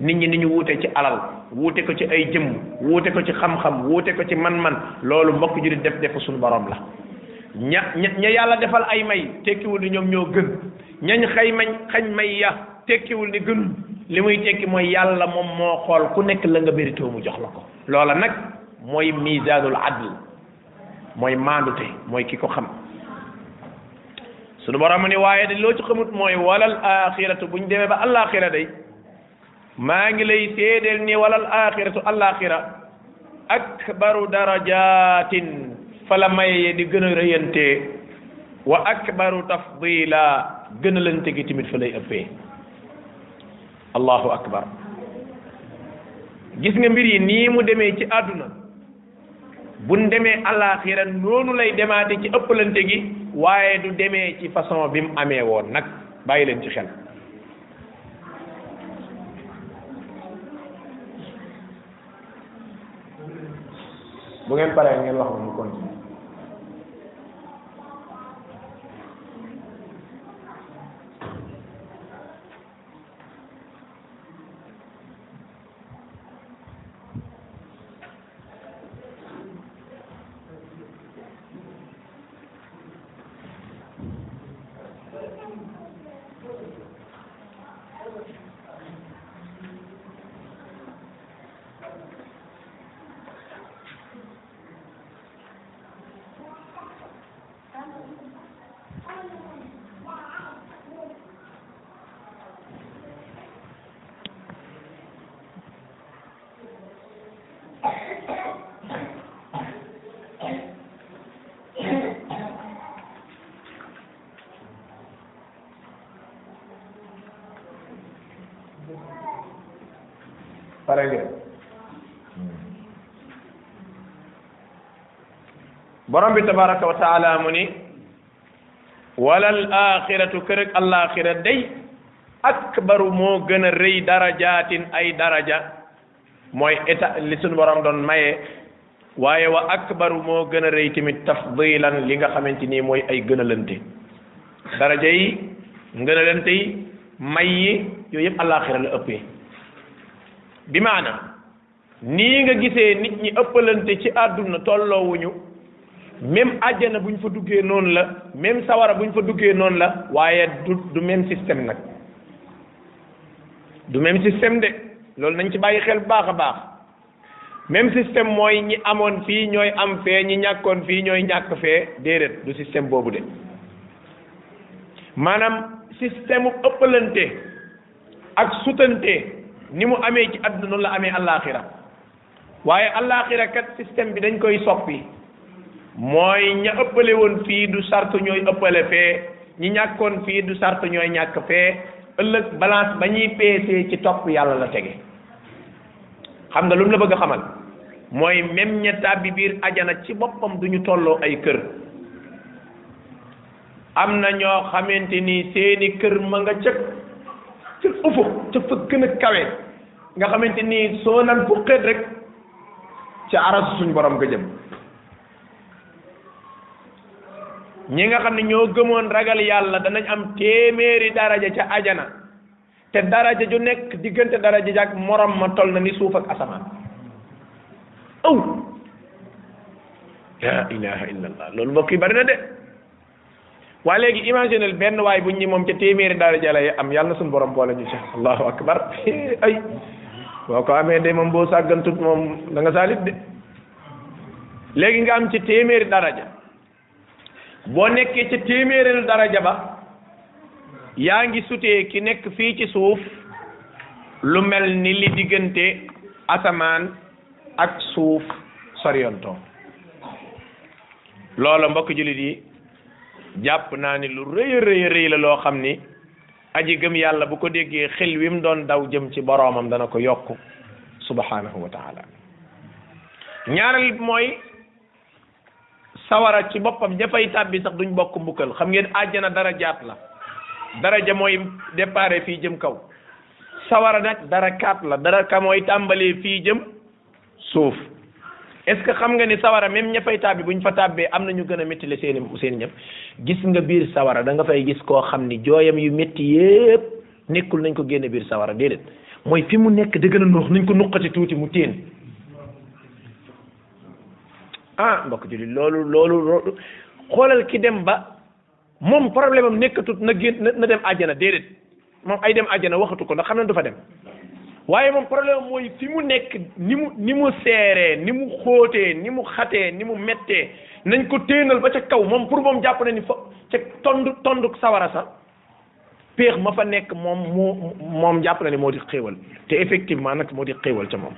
nit ñi ni ñu wuute ci alal wuute ko ci ay jëmm wuute ko ci xam-xam wuute ko ci man-man loolu mbokk jurit def suñu borom la ña ña yàlla defal ay may tekkiwul ni ñoom ñoo gën ñañ xay mañ xañ may ya tekkiwul ni gënuñ li muy tekki mooy yàlla moom moo xool ku nekk la nga béritoo mu jox la ko loola nag mooy misaanul adl mooy maandute mooy ki ko xam sunu borom ni waaye de loo ci xamut mooy walal axiratu bu ñu demee ba allaaxira day maa ngi lay seedeel ni walal axiratu allaaxira akbaru darajatin fala maye ye di gën a rëyantee wa akbaru tafdila gën gi tamit fa lay ëppee allahu akbar gis nga mbir yi nii mu demee ci àdduna buñ demee alaxira noonu lay demaate ci ëppalante gi waaye du demee ci façon bi mu amee woon nag bàyyi leen ci xel bu ngeen paree ngeen borom bi tabaraka wa taala mu ni walal axiratu kër ak alaxira day akbaru moo gën a rëy darajaatin ay daraja mooy état li suñu borom doon maye waaye wa akbaru moo gën a rëy tamit tafdilan li nga xamante nii mooy ay gën a lante daraja yi ngën yi may yi yooyu yëpp alaxira la ëppee bi maana nii nga gisee nit ñi ëppalante ci àdduna tolloowuñu même àjjana bu ñu fa duggee noonu la même sawara bu ñu fa duggee noonu la waaye du du même système nag du même système de loolu nañ ci bàyyi xel bu baax a baax même système mooy ñi amoon fii ñooy am fee ñi ñàkkoon fii ñooy ñàkk fee déedéet du système boobu de maanaam système mu ëppalante ak sutante ni mu amee ci àdduna noonu la amee allaaxira waaye allaaxira kat système bi dañ koy soppi. mooy ña ëppale fii du sart ñooy ëppale fee ñi ñàkkoon fii du sart ñooy ñàkk fee ëllëg balance ba ñuy peesee ci topp yàlla la tege xam nga lu mu la bëgg a xamal mooy même ña tàbbi biir ajana ci boppam duñu tolloo ay kër am na ñoo xamante ni seeni kër ma nga cëg ca ufu ca fa gën a kawe nga xamante ni soo naan fu xeet rek ca aras suñ borom nga jëm ñi nga xam ne ñoo gëmoon ragal yàlla danañ am téeméeri daraja ca ajana te daraja ju nekk diggante daraja ja ak morom ma toll na ni suuf ak asamaan aw la ilaha illa loolu mbokk yi bari na de waaye léegi imaginel benn waay bu ñi moom ca téeméeri daraja lay am yàlla na suñu borom boole ñu ci allahu akbar ay boo ko amee de moom boo sàggantut moom da saalit de léegi nga am ci téeméeri daraja boo nekkee ca téeméereelu daraja ba yaa ngi sutee ki nekk fii ci suuf lu mel ni li diggante asamaan ak suuf soriyonto loola mbokk jullit yi jàpp naa ni lu rëy a rëy la loo xam ni aji gëm yàlla bu ko déggee xel wi mu doon daw jëm ci boroomam dana ko yokk subhanahu wa ñaareel mooy sawara ci boppam ña fay tàbbi sax duñ bokk mbukkal xam ngeen àjjana dara jaat la dara daraja mooy déparé fii jëm kaw sawara nag dara kaat la dara ka mooy tàmbalee fii jëm suuf est-ce que xam nga ni sawara même ña fay tàbbi buñ fa tàbbee am na ñu gën a métti le seeni seen ñëpp gis nga biir sawara da nga fay gis koo xam ni jooyam yu métti yépp nekkul nañ ko génne biir sawara déedéet mooy fi mu nekk da gën a noox nañ ko nuqati tuuti mu téen ah mbokk jullit loolu loolu xoolal ki dem ba moom problème am nekkatut na génn na dem àjjana déedéet moom ay dem àjjana waxatu ko ndax xam ne du fa dem waaye moom problème mooy fi mu nekk ni mu ni mu seeree ni mu xóotee ni mu xatee ni mu mettee nañ ko téenal ba ca kaw moom pour moom jàpp na ni fa ca tond tond sawara sa péex ma fa nekk moom moo moom jàpp na ni moo di xéewal te effectivement nag moo di xéewal ca moom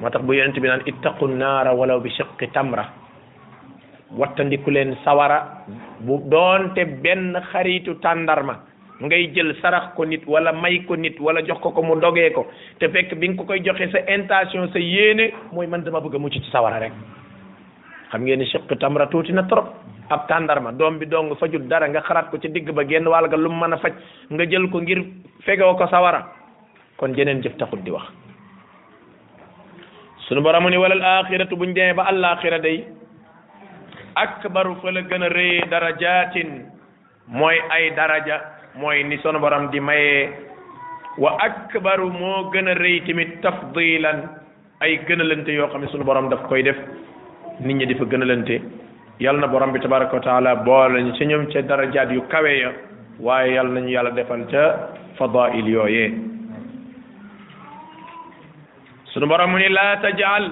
moo tax bu yonent bi naan ittaqu naara walaw bi shiqqi tamra wattandiku leen sawara bu doonte benn xaritu tàndarma ngay jël sarax ko nit wala may ko nit wala jox ko ko mu dogee ko te fekk bi nga ko koy joxe sa intention sa yéene mooy man dama bëgg a mucc ci sawara rek xam ngeen ni shiqqi tamra tuuti na trop ab tàndarma doom bi dong fajul dara nga xaraat ko ca digg ba genn wàll ga lu mu mën a faj nga jël ko ngir fegoo ko sawara kon jeneen jëf taxut di wax sunu borom mu ni walal axiratu buñ demee ba àllaaxira day akbaru fa gën a rëy darajaatin mooy ay daraja mooy ni sunu borom di mayee wa akbaru moo gën a rëy tamit tafdilan ay gënalante yoo xam ne sunu borom daf koy def nit ñi di fa gënalante yal na borom bi tabaraka wa taala boole ñu ci ñoom ca darajaat yu kawe ya waaye yal nañu yàlla defal ca fadail yooyee sunu borom mu ni laa tajal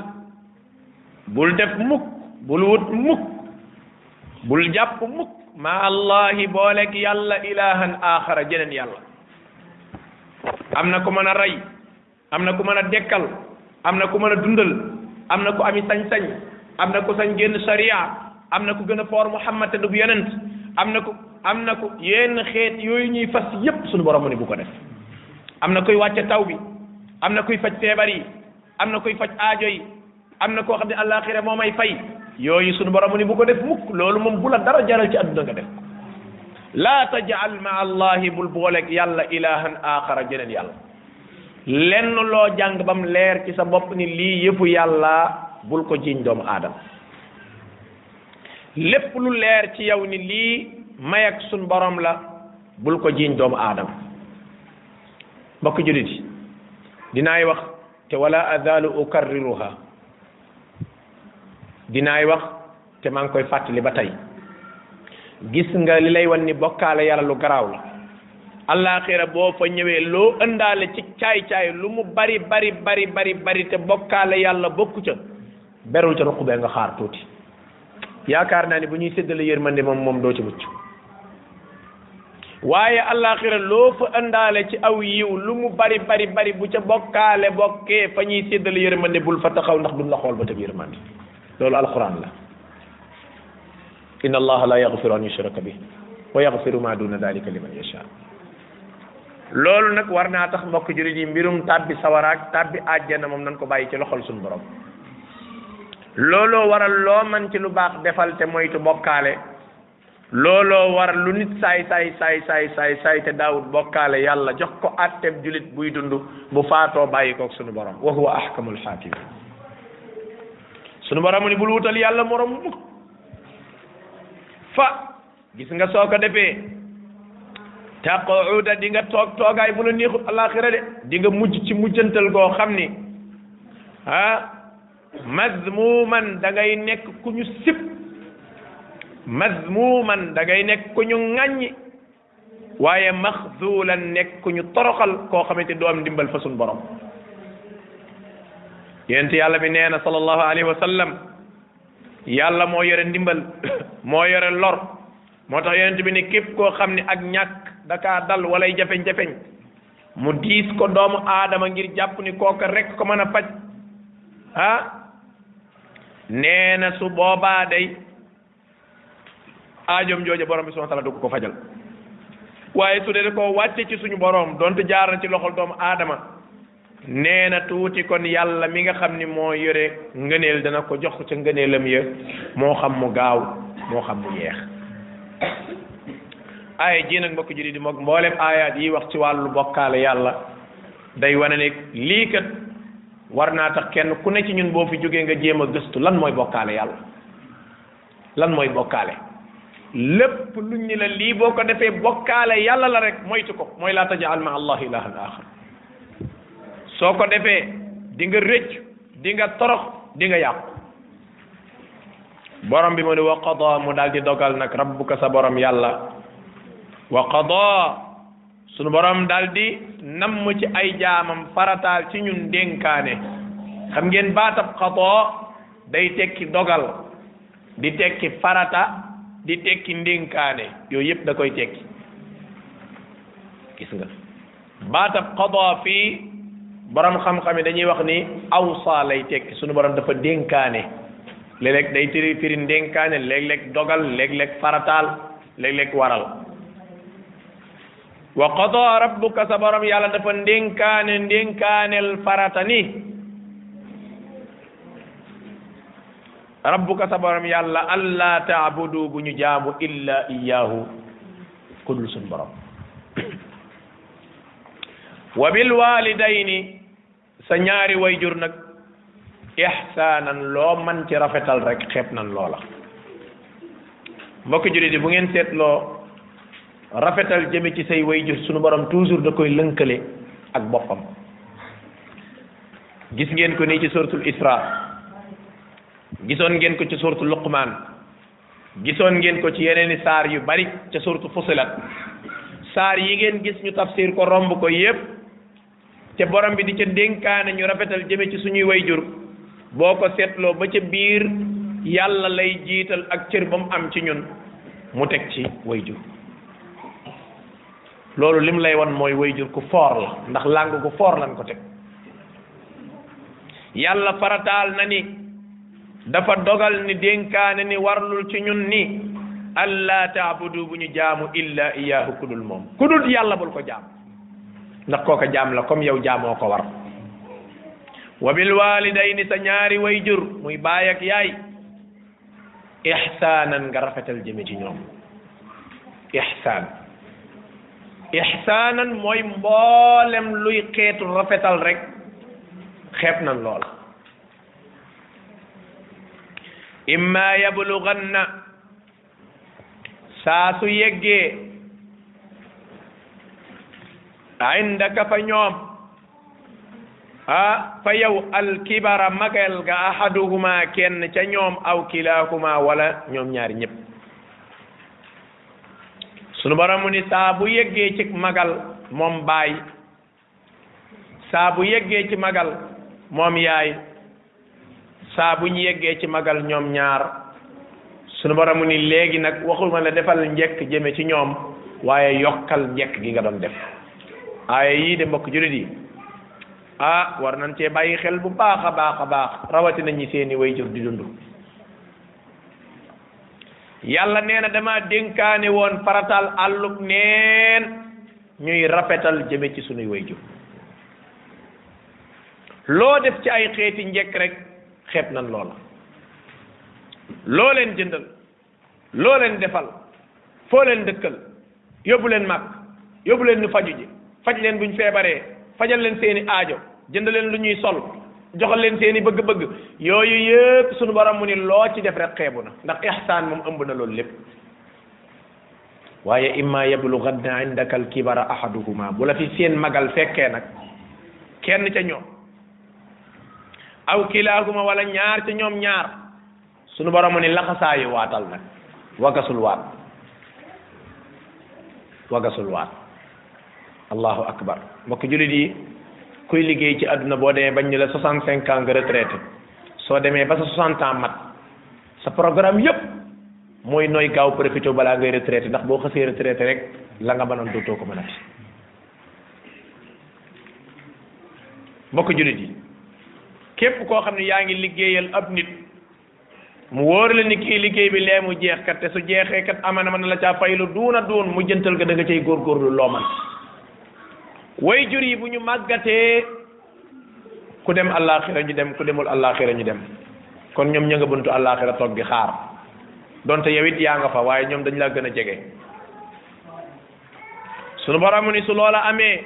bul def mukk bul wut mukk bul jàpp mukk ma allahi boolek yàlla ilahan axara jeneen yàlla am na ku mën a rey am na ku mën a dekkal am na ku mën a dundal am na ku ami sañ-sañ am na ku sañ génn saria am na ku gën a foor muhammad te du bu am na ku am na ku yenn xeet yooyu ñuy fas yépp sunu borom mu bu ko def am na kuy wàcce taw bi am na kuy faj feebar yi am na koy faj aajo yi am na koo xam ne àllaaxira moom ay fay yooyu sunu borom ni bu ko def mukk loolu moom bu la dara jaral ci adduna nga def laa tajal ma allahi bul booleeg yàlla ilahan axara jeneen yàlla lenn loo jàng bam leer ci sa bopp ni lii yëfu yàlla bul ko jiiñ doomu aadam lépp lu leer ci yow ni lii mayak ak sun borom la bul ko jiiñ doomu aadam bokk jullit dinaay wax te wala azalu ukarriruha dinaay wax te maa ngi koy fàttali ba tey gis nga li lay wan ni bokkaale yàlla lu garaaw la allaaxira boo fa ñëwee loo ëndaale ci caay-caay lu mu bari bari bari bari bari te bokkaale yàlla bokk ca berul ca ruqubee nga xaar tuuti yaakaar naa ni bu ñuy séddale yërmande moom moom doo ci mucc waaye allaaxira loo fa ëndaale ci aw yiw lu mu bari bari bari bu ca bokkaale bokkee fa ñuy séddale yërmande bul fa taxaw ndax duñ la xool ba tëb yërmande loolu alquran la inna allaha la yaghfiru an yushraka bi wa yaghfiru ma duna dalika loolu nag war naa tax mbokk jurit yi mbirum tàbbi sawaraak tàbbi àjjana moom nañ ko bàyyi ci loxol suñu borom looloo waral loo man ci lu baax defal te moytu bokkaale looloo war lu nit saay saay saay saay saay saay te daawut bokkaale yàlla jox ko atteb julit buy dund bu faatoo bàyyi koog sunu borom wa huwa ahkamul hakim sunu borom ni bul wutal yàlla morom fa gis nga soo ko defee taquda di nga toog toogaay bu la neexut alaxira de di nga mujj ci mujjantal goo xam ni ah mazmuman da ngay nekk ku ñu sib mazmuman da ngay nekk ku ñu ŋàññi waaye maxzulan nekk ku ñu toroxal koo xamante du am ndimbal fa suñ borom yéen yàlla bi nee na sallallahu alayhi yàlla moo yore ndimbal moo yore lor moo tax yonent bi ne képp koo xam ne ak ñàkk daka dal walay jafeñ-jafeñ mu diis ko doomu aadama ngir jàpp ni kooka rek ko mën a faj ah su boobaa day aajoom jooje borom bi subhanahu wa dugg ko fajal waaye su dee ko wàcce ci suñu borom donte jaaral ci loxol doomu aadama nee na tuuti kon yàlla mi nga xam ni moo yére ngëneel dana ko jox ca ngëneelam ya moo xam mu gaaw moo xam mu yeex aaye ji nag mbokk julli di moog mboolem aayaat yi wax ci wàllu bokkaale yàlla day wane ne lii kat war naa tax kenn ku ne ci ñun boo fi jógee nga jéem a gëstu lan mooy bokkaale yàlla lan mooy bokkaale lépp lu ñu la lii boo ko defee bokkaale yàlla la rek moytu ko mooy laa tajaal ma allah ilahan axar soo ko defee dinga nga rëcc di nga torox di yàqu borom bi mu ne wa qada mu daal di dogal nag rabbuka sa borom yàlla wa qada sunu borom daldi di mu ci ay jaamam farataal ci ñun dénkaane xam ngeen baatab qada day tekki dogal di tekki farata di tekki ndénkaane yooyu yëpp da koy tekki gis nga baatab qada fii borom xam-xam yi dañuy wax ni awsa lay tekki sunu borom dafa dénkaane léeg day tiri firi ndénkaane léeg-léeg dogal léeg-léeg farataal léeg waral wa qada rabbuka sa borom yàlla dafa ndénkaane ndénkaaneel farata rabbuka sa borom yàlla allah taabudu bu ñu jaamu illa iyaahu ku dul suñ wa bil walidayni sa ñaari wayjur nag ihsaanan loo man ci rafetal rek xeeb nan loola mbokki jullit yi bu ngeen seetloo rafetal jëme ci say wayjur suñu borom toujours da koy lënkale ak boppam gis ngeen ko nii ci suratul isra gisoon ngeen ko ci suurtu luqmaan gisoon ngeen ko ci yeneeni saar yu bari ca suurtu fusilat saar yi ngeen gis ñu tafsir ko romb ko yépp te borom bi di ca dénkaane ñu rafetal jëme ci suñuy wayjur boo ko seetloo ba ca biir yàlla lay jiital ak cër ba mu am ci ñun mu teg ci wayjur loolu lim lay won mooy wayjur ku foor la ndax làng ku foor lañ ko teg yàlla farataal na ni dafa dogal ni dénkaane ni warlul ci ñun ni allah taabudu bu ñu jaamu illa iyaahu kudul moom kudul yàlla bul ko jaam ndax kooka jaam la comme yow jaamoo ko war wa bil walidayni sa ñaari way jur muy baay ak yaay ihsaanan nga rafetal jëme ci ñoom ihsaan ihsaanan mooy mboolem luy xeetul rafetal rek xeeb nan loola imma yablughanna saa su a indaka fa ñoom ah fa yow alkibara magal ga ahaduhuma kenn ca ñoom aw kilahuma wala ñoom ñaari ñëpp sunu borom mu ni saa yeggee ci magal moom baay saa yeggee ci magal moom yaay saa bu ñu yeggee ci magal ñoom ñaar sunu borom mu ni léegi nag waxuma la defal njekk jëme ci ñoom waaye yokkal njekk gi nga doon def aaya yii de mbokk jullit yi ah war nañ cee bàyyi xel bu baax a baax a baax rawatina ñi seeni wayjur di dund yàlla nee na dama dénkaani woon faratal àlluk neen ñuy rafetal jëme ci sunuy wayjur loo def ci ay xeeti njekk rekk xeeb nan loola loo leen jëndal loo leen defal foo leen dëkkal yóbbu leen mag yóbbu leen ñu faju ji faj leen buñ feebaree fajal leen seeni aajo jënd leen lu ñuy sol joxal leen seeni bëgg-bëgg yooyu yëpp suñu borom mu ni loo ci def rek xeebu na ndax ihsaan moom ëmb na loolu lépp waaye imma yablughanna indaka al kibara ahaduhuma bu la fi seen magal fekkee nag kenn ca ñoom aw kilaahuma walla ñaar ci ñoom ñaar sunu borom mu ni laxasaayu waatal nag wagasul waat wagasul waat allahu akbar mbokk jullit yi kuy liggéey ci àdduna boo demee bañ la soixante cinq ans nga retraité soo demee ba sa soixante ans mat sa programme yëpp mooy nooy gaaw profité balaa ngay retraité ndax boo xasee retraité rek la nga mënoon dootoo ko mënati mbokk jullit yi képp koo xam ne yaa ngi liggéeyal ab nit mu wóor la ni kii liggéey bi lee mu jeexkat te su jeexee kat amana man na la caa faylu duuna duun mu jëntal ga da nga cay góorgóorlu loo man way jur yi bu ñu màggatee ku dem àllaaxira ñu dem ku demul àllaaxira ñu dem kon ñoom ña nga buntu àllaaxira toog bi xaar donte yow it yaa nga fa waaye ñoom dañ laa gën a jege sunu borom ni su loola amee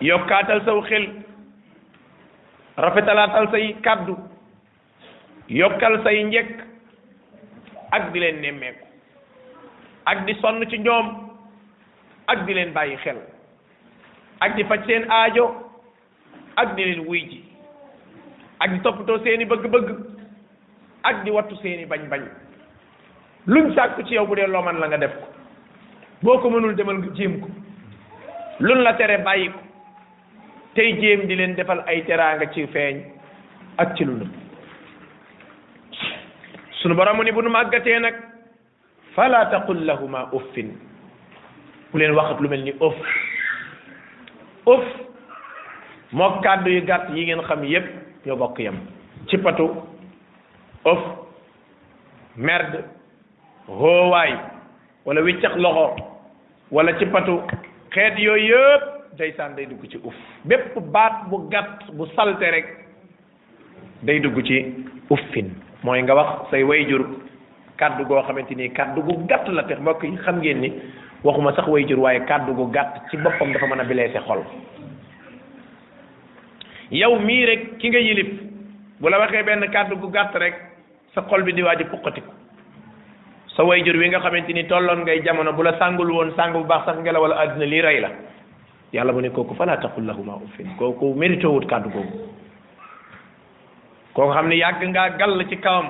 yokkaatal saw xel. rafetalaatal say kàddu yokkal say njekk ak di leen nemmeeku ak di sonn ci ñoom ak di leen bàyyi xel ak di faj seen aajo ak di leen wuy ji ak di toppatoo seeni bëgg-bëgg ak di wattu seeni bañ-bañ luñ sàkku ci yow bu dee loo man la nga def ko boo ko mënul demal nga jéem ko luñ la tere bàyyi ko tey jéem di leen defal ay teraanga ci feeñ ak ci lu nëbb sunu borom mu ni bu nu màggatee nag fala taqul lahuma uffin bu leen waxat lu mel ni uff uff moo kàddu yu gàtt yi ngeen xam yépp ñoo bokk yam ci patu uff merde xoowaay wala wiccax loxo wala ci patu xeet yooyu yëpp ndeysaan day dugg ci uf bépp baat bu gàtt bu salte rek day dugg ci uffin mooy nga wax say wayjur kàddu goo xamante ni kàddu gu gàtt la te mbokk yi xam ngeen ni waxuma sax jur waaye kàddu gu gàtt ci boppam dafa mën a blessé xol yow mii rek ki nga yilif bu la waxee benn kàddu gu gàtt rek sa xol bi di waa ji puqatiku sa jur wi nga xamante ni tolloon ngay jamono bu la sàngul woon sàng bu baax sax ngelaw la àddina lii rey la yàlla mu ne kooku falaa taqul lahuma uffin kooku mérito wut kàddu googu kooku xam ne yàgg ngaa gàll ci kawam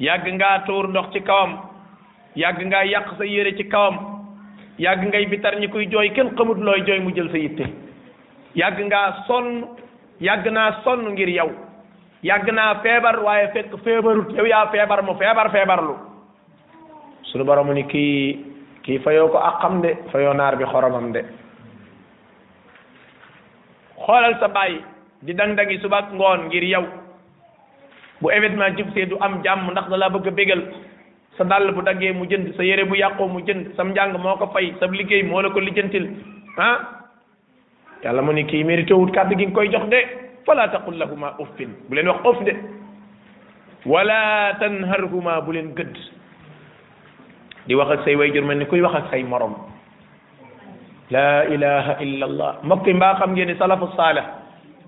yàgg nga tuur ndox ci kawam yàgg nga yàq sa yére ci kawam yàgg ngay bitar ñi kuy jooy kenn xamut looy jooy mu jël sa yitte yàgg ngaa sonn yàgg naa sonn ngir yow yàgg naa feebar waaye fekk feebarut yow yaa feebar mu feebar feebarlu sunu borom ni kii kii fayoo ko ak de fayoo naar bi xoromam de xoolal sa bàyyi di dang-dangi suba ngoon ngir yow bu événement jub see du am jàmm ndax da laa bëgg a bégal sa dàll bu daggee mu jënd sa yére bu yàqoo mu jënd sam njàng moo ko fay sa liggéey moo la ko lijjantil ah yàlla mu ni kii mérité wut kàddu gi koy jox de fala taqul lahuma uffin bu leen wax uff de wala tanharhuma bu leen gëdd di wax ak say wayjur mel ni kuy wax say morom laa ilaha illa allah mbokk yi mbaa xam ngeen ne salafu saalih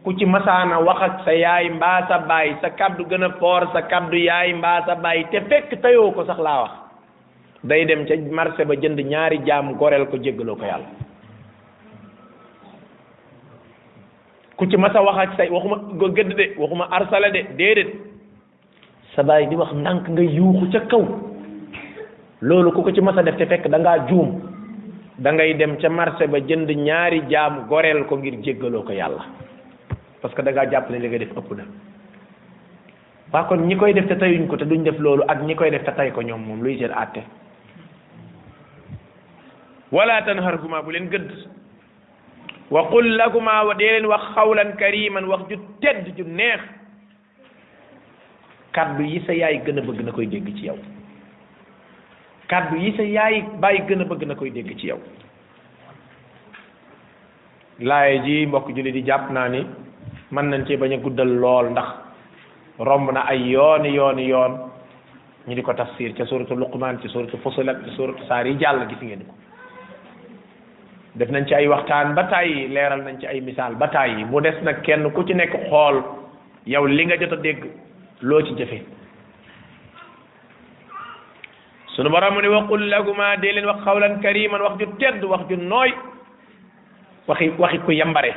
ku ci masaana wax ak sa yaay mbaa sa baay sa kaddu gën a foor sa kaddu yaay mbaa sa baay te fekk tayoo ko sax laa wax day dem ca marse ba jënd ñaari jaam goreel ko jéggaloo ko yàlla ku ci masa wax ak say waxuma gëdd de waxuma arsala de déedéet sa baay di wax ndànk nga yuuxu ca kaw loolu ku ko ci masa def te fekk da juum da ngay dem ca marché ba jënd ñaari jaam goreel ko ngir jéggaloo ko yàlla parce que da ngaa jàpp ne li nga def ëpp na waa kon ñi koy def te tayuñ ko te duñ def loolu ak ñi koy def te tay ko ñoom moom luy seen àtte wala tanharhuma bu leen gëdd wa qul lahuma wa dee leen wax xawlan kariman wax ju tedd ju neex kaddu yi sa yaay gën a bëgg na koy dégg ci yow kàddu yi sa yaay bàyyi gën a bëgg na koy dégg ci yow laaye ji mbokk julli di jàpp naa ni mën nañ cee bañ a guddal lool ndax romb na ay yoon yoon yoon ñu di ko tafsir ca suratu luqman ci suratu fusilat ci suratu saar yi jàll gis ngeen ko def nañ ci ay waxtaan ba tàyyi leeral nañ ci ay misaal ba tàyyi mu des nag kenn ku ci nekk xool yow li nga jot a dégg loo ci jëfe sunu borom mu ne waqul lahuma dee leen wax xawlan kariman wax ju tedd wax ju nooy waxi waxi ku yambare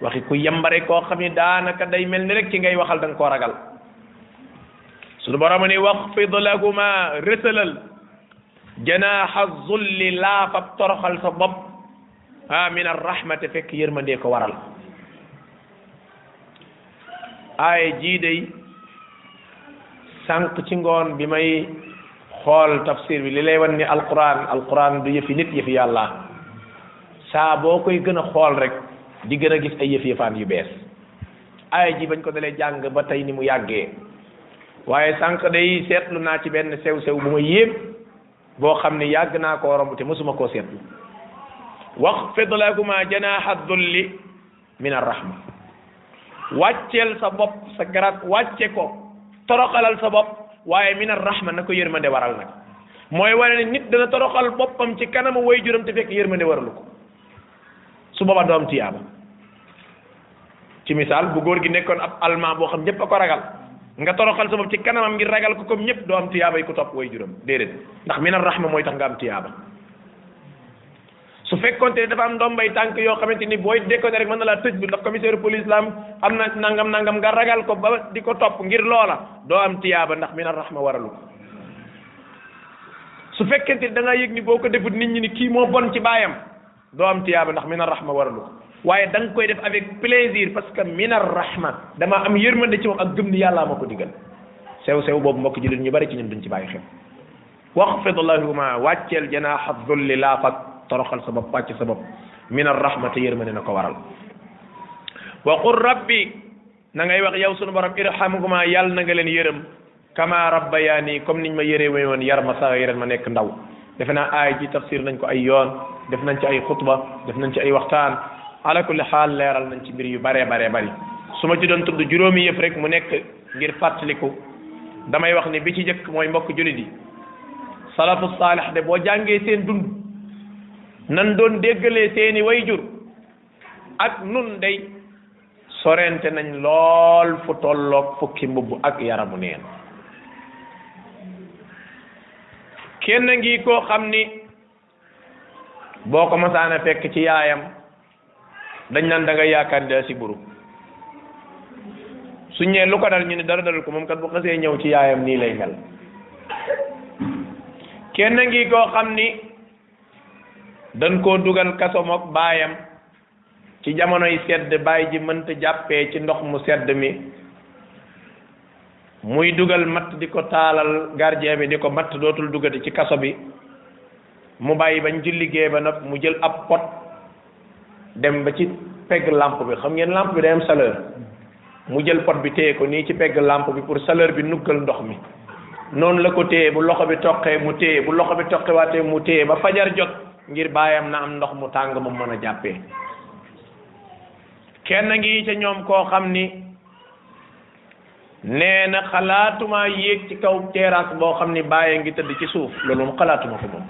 waxi ku yambare koo xam ne daanaka day mel ni rek ci ngay waxal da nga koo ragal sunu borom mu ne waxfid lahuma rësalal janaaxa zulli laafab toroxal sa bopp a min arrahmate fekk yërmandee ko waral aaya jii day sànq ci ngoon bi may xool tafsir bi li lay wan ni alquran alquran du yëfi nit yëfi yàlla saa boo koy gën rek di gën gis ay yëf yëfaan yu bees aaya ji bañ ko dalee jàng ba tey ni mu yàggee waaye sànq day seetlu naa ci benn sew sew bu ma yéem boo xam ne yàgg naa koo romb te mësuma koo lakuma janaha dulli min arrahma wàcceel sa bopp sa garat wàcce ko toroxalal sa bopp waaye minar rahma na ko yërmande waral nag mooy wane ne nit dana toroxal boppam ci kanamu way juram te fekk yërmande waralu ko su booba doom tiyaaba ci misaal bu góor gi nekkoon ab allemand boo xam ñëpp a ko ragal nga toroxal sa bopp ci kanamam ngi ragal ko comme ñëpp doo am tiyaaba yi ko topp way juróom déedéet ndax minar rahma mooy tax nga am tiyaaba su fekkoonte ne dafa am ndombay tànk yoo xamante ni booy déconné rek mën na laa tëj bu ndax commissaire police la am am na nangam nangam nga ragal ko ba di ko topp ngir loola doo am tiyaaba ndax min ar-rahma waralu ko su fekkente ni da ngaa yëg ni boo ko defut nit ñi ni kii moo bon ci baayam doo am tiyaaba ndax min ar-rahma waralu ko waaye da nga koy def avec plaisir parce que min ar-rahma damaa am yërmande ci moom ak gëm ni yàllaa ma ko digal sew sew boobu mbokk jullit ñu bari ci ñun duñ ci bàyyi xel waqfid lahuma wàcceel janaaxa dulli laafak toroxal sa bopp wàcc sa bopp min ar rahmati yërmande na ko waral wa qul rabbi na ngay wax yow sunu borom irhamhuma yàlla na nga leen yërëm kama rabbayaani comme niñ ma yëree may woon yar ma saa yërëm ma nekk ndaw defe naa aay ji tafsir nañ ko ay yoon def nañ ci ay xutba def nañ ci ay waxtaan ala kulli xaal leeral nañ ci mbir yu baree baree bari su ma ci doon tudd juróomi yëpp rek mu nekk ngir ko damay wax ni bi ci jëkk mooy mbokk jullit di salafu saalih de boo jàngee nan doon déggalee seeni wayjur ak nun day sorente nañ lool fu tolloog fukki mbubb ak yaramu neen kenn ngi koo xam ni boo ko masaana fekk ci yaayam dañ naan dangay nga yaakaar daa si buru su ñee lu ko dal ñu ne dara dalul ko moom kat bu xasee ñëw ci yaayam nii lay mel kenn ngi koo xam ni dañ koo dugal kaso mook baayam ci jamonoy sedd baay ji mënta jàppee ci ndox mu sedd mi muy dugal matt di ko taalal gardien bi di ko matt dootul dugati ci kaso bi mu bàyyi bañ julli gée ba nag mu jël ab pot dem ba ci pegg lampe bi xam ngeen làmp bi day am chaleur mu jël pot bi téye ko nii ci pegg làmp bi pour saleur bi nuggal ndox mi noonu la ko téye bu loxo bi toqee mu téye bu loxo bi toqewaatee mu téye ba fajar jot ngir baayam na am ndox mu tàng mu mën a jàppe kenn ngi ca ñoom koo xam ni nee na xalaatuma yéeg ci kaw terrasse boo xam ni bàyyi ngi tëdd ci suuf loolu moom xalaatuma ko moom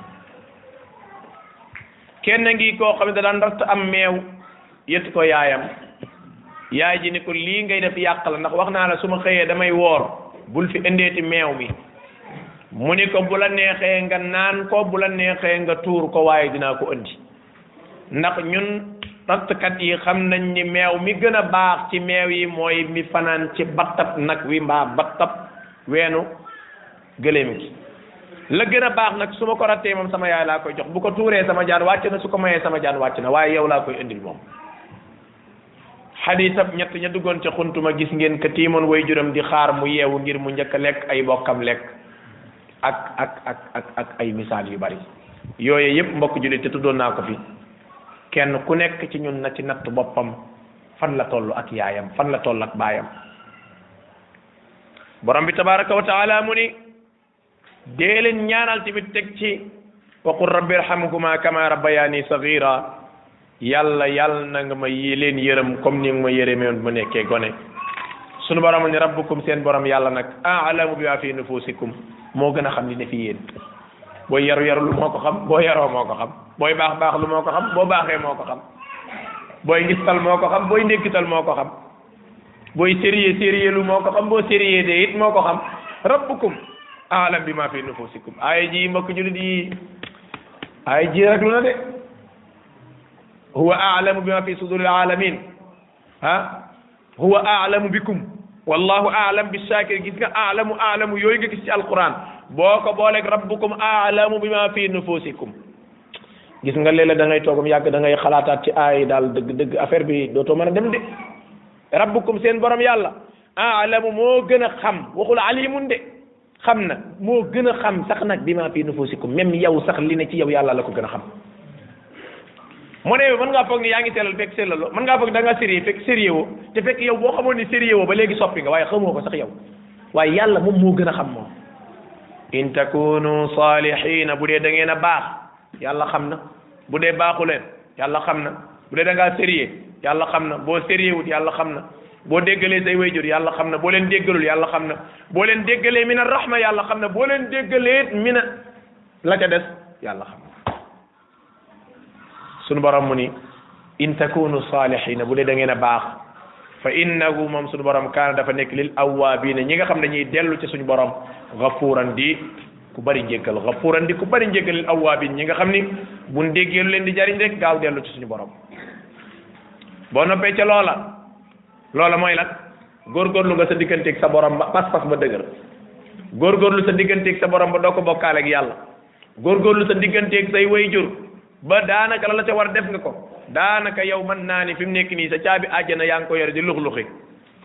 kenn ngi koo xam ne da daan am meew yëtt ko yaayam yaay ji ni ko lii ngay def yàq la ndax wax naa la su ma xëyee damay woor bul fi indeeti meew mi mu ne ko bu la neexee nga naan ko bu la neexee nga tuur ko waaye dinaa ko andi ndax ñun tastkat yi xam nañ ni meew mi gën a baax ci meew yi mooy mi fanaan ci battab nag wi mbaa battab weenu gëléem gi la gën a baax nag su ma ko rattee moom sama yaay laa koy jox bu ko tuuree sama jaan wàcc na su ko mayee sama jaan wàcc na waaye yow laa koy indil moom xadiisab ñett ña duggoon ca ma gis ngeen ka tiimoon way juram di xaar mu yeewu ngir mu njëkk a lekk ay bokkam lekk ak ak ak ak ak ay misaal yu bari yooyu yëpp mbokk jullit te tuddoon naa ko fi kenn ku nekk ci ñun na ci nattu boppam fan la toll ak yaayam fan la toll ak baayam borom bi tabaraka wa taala mu ni dee leen ñaanal tamit teg ci wa qul rabbi irhamhuma kama rabbayani sagira yàlla yàlla na nga ma leen yërëm comme ni nga ma yërëmewoon ma nekkee gone sunu borom ni rabbukum seen borom yàlla nag aalamu bi maa fi nufusikum moo gën a xam li ne fi yéen booy yaru yaru lu moo ko xam boo yaroo moo ko xam booy baax baax lu moo ko xam boo baaxee moo ko xam booy ngistal moo ko xam booy ndékkital moo lu moo ko xam boo sérieux de moo ko xam rabbukum aalam bi maa fi nufusikum aaya ji mbokk julit yi aaya ji de huwa aalamu bi maa fi suduril alamin ah huwa aalamu bikum والله اعلم بالشاكر جيت اعلم اعلم يوي سي القران بوكو بولك ربكم اعلم بما في نفوسكم جيت نغا ليلا داغي توغم ياك داغي خلاطات تي اي دال دغ دغ افير بي دوتو مانا ديم دي ربكم سين بروم يالا اعلم مو غنا خم وخول عليم دي خمنا مو غنا خم ساخ نك بما في نفوسكم ميم ياو ساخ لي نتي ياو يالا لاكو غنا خم mu ne mën ngaa foog ni yaa ngi sellal fekk sellaloo mën ngaa foog da ngaa sérieux fekk sérieux woo te fekk yow boo xamoon ni sérieux woo ba léegi soppi nga waaye xamoo ko sax yow waaye yàlla moom moo gën a xam moom in takunu salihina bu dee da ngeen a baax yàlla xam na bu dee baaxu leen yàlla xam na bu dee da ngaa sérieux yàlla xam na boo sérieux wut yàlla xam na boo déggalee say wayjur yàlla xam na boo leen déggalul yàlla xam na boo leen déggalee mina rahma yàlla xam na boo leen déggalee mina la ca des yàlla suñu borom mu ni in takunu salihina bu dee da a baax fa innahu moom suñu borom kaana dafa nekk lil awaabiina ñi nga xam ne ñuy dellu ci suñu borom gafuuran di ku bari njéggal gafuuran di ku bari njéggal lil awaabiin ñi nga xam ni bu déggee lu leen di jariñ rek gaaw dellu ci suñu borom boo noppee ca loola loola mooy lan góorgóorlu nga sa digganteeg sa borom ba pas-pas ba dëgër góorgóorlu sa digganteeg sa borom ba doo ko bokkaale ak yàlla góorgóorlu sa digganteeg say way jur ba daanaka la la ca war def nga ko daanaka yow man naa ni fi mu nekk nii sa caabi àjjana yaa ngi ko yore di luxluxi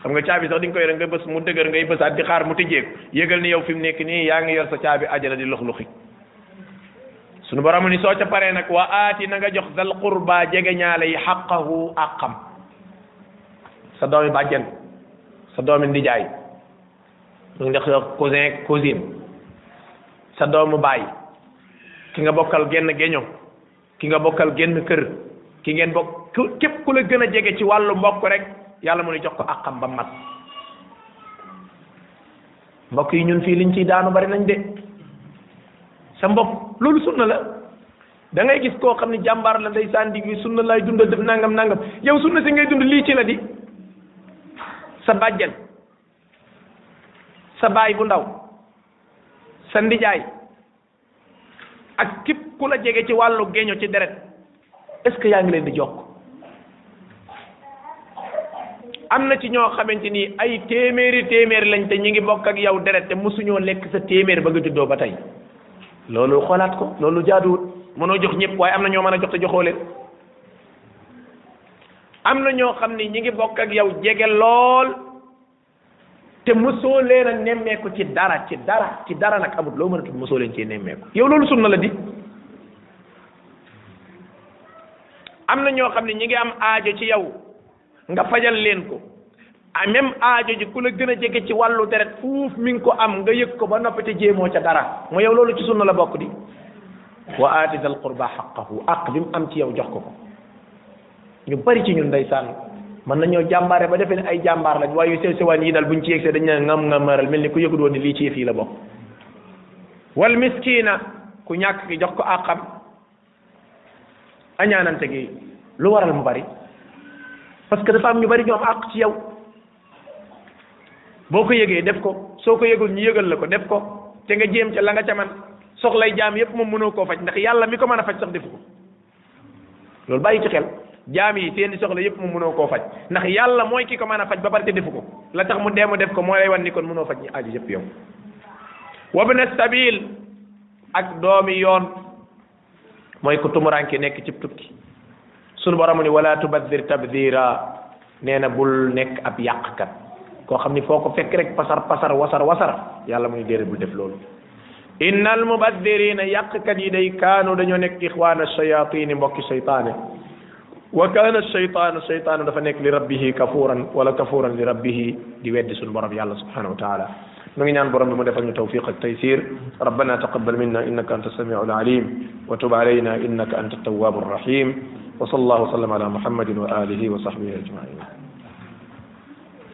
xam nga caabi sax di nga ko yore nga bës mu dëgër ngay bësaat di xaar mu tijjeeku yëgal ni yow fi mu nekk nii yaa ngi yor sa caabi àjjana di luxluxi sunu baramu ni soo ca paree nag waa aati na nga jox dal qurba jege ñaale yi xaqahu àqam sa doomi bàjjen sa doomi ndijaay mu jox sa cousin sa doomu baay ki nga bokkal genn geño ki nga bokkal genn kër ki ngeen bokk képp ku la gën a jege ci wàllu mbokk rek yàlla mu ne jox ko àqam ba mat mbokk yi ñun fii liñ ci daanu bari nañ de sa mbokk loolu sunna la da gis koo xam ne jàmbaar la ndeysaan di bi sunna lay dundal def nangam nangam yow sunna si ngay dund lii ci la di sa bàjjen sa baay bu ndaw sa ndijaay ak képp ku la jege ci wàllu géño ci deret est-ce que yaa ngi leen di jokk am na ci ñoo xamante ni ay téeméeri téeméer lañ te ñi ngi bokk ak yow deret te mosuñoo lekk sa téeméer ba nga juddoo ba tey loolu xoolaat ko loolu jaaduwut mënoo jox ñëpp waaye am na ñoo mën a jox te joxoo leen am na ñoo xam ni ñi ngi bokk ak yow jege lool te mosoo leen a nemmeeku ci dara ci dara ci dara nag amut loo mën a tudd mosoo leen ci nemmeeku yow loolu sunna la di am na ñoo xam ne ñu ngi am aajo ci yow nga fajal leen ko a même aajo ji ku la gën a jege ci wàllu deret fuuf mi ngi ko am nga yëg ko ba noppi te jéemoo ca dara mu yow loolu ci sunna la bokk di wa aati dal qurba xaqahu aq bi mu am ci yow jox ko ko ñu bari ci ñun ndeysaan mën nañoo jàmbaare ba defee ay jàmbaar lañ waaye yu sew sewaan yi daal buñ ci yegsee dañ ne nga ngamaral mel ni ku yëgul woon lii ci yëf yi la bokk wal miskina ku ñàkk ki jox ko àqam añaanante gi lu waral mu bari parce que dafa am ñu bari ñu am àq ci yow boo ko yëgee def ko soo ko yëgul ñu yëgal la ko def ko te nga jéem ca la nga ca man soxlay jaam yépp moom mënoo koo faj ndax yàlla mi ko mën a faj sax defu ko loolu bàyyi ci xel jaam yi seeni soxla yépp moom mënoo koo faj ndax yàlla mooy ki ko mën a faj ba bari te defu ko la tax mu deemu def ko moo lay wan ni kon mënoo faj ñu aaju yépp yow wabna ak doomi yoon mooy ku tumuranke nekk ci tukki sunu borom ni wala tubaddir tabdira nee na bul nekk ab kat koo xam ni foo ko fekk rek pasar pasar wasar wasar yàlla mu ni déedéet bul def loolu innal mubaddirina yàqkat yi day kaanu dañoo nekk ixwaana shayatini mbokki seytaane wa kaana seytaanu seytaanu dafa nekk li rabbihi kafuran wala kafuran li rabbihi di weddi sunu borom yàlla subhanahu wa taala نمينا برم مدفع التوفيق التيسير ربنا تقبل منا إنك أنت السميع العليم وتب علينا إنك أنت التواب الرحيم وصلى الله وسلم على محمد وآله وصحبه أجمعين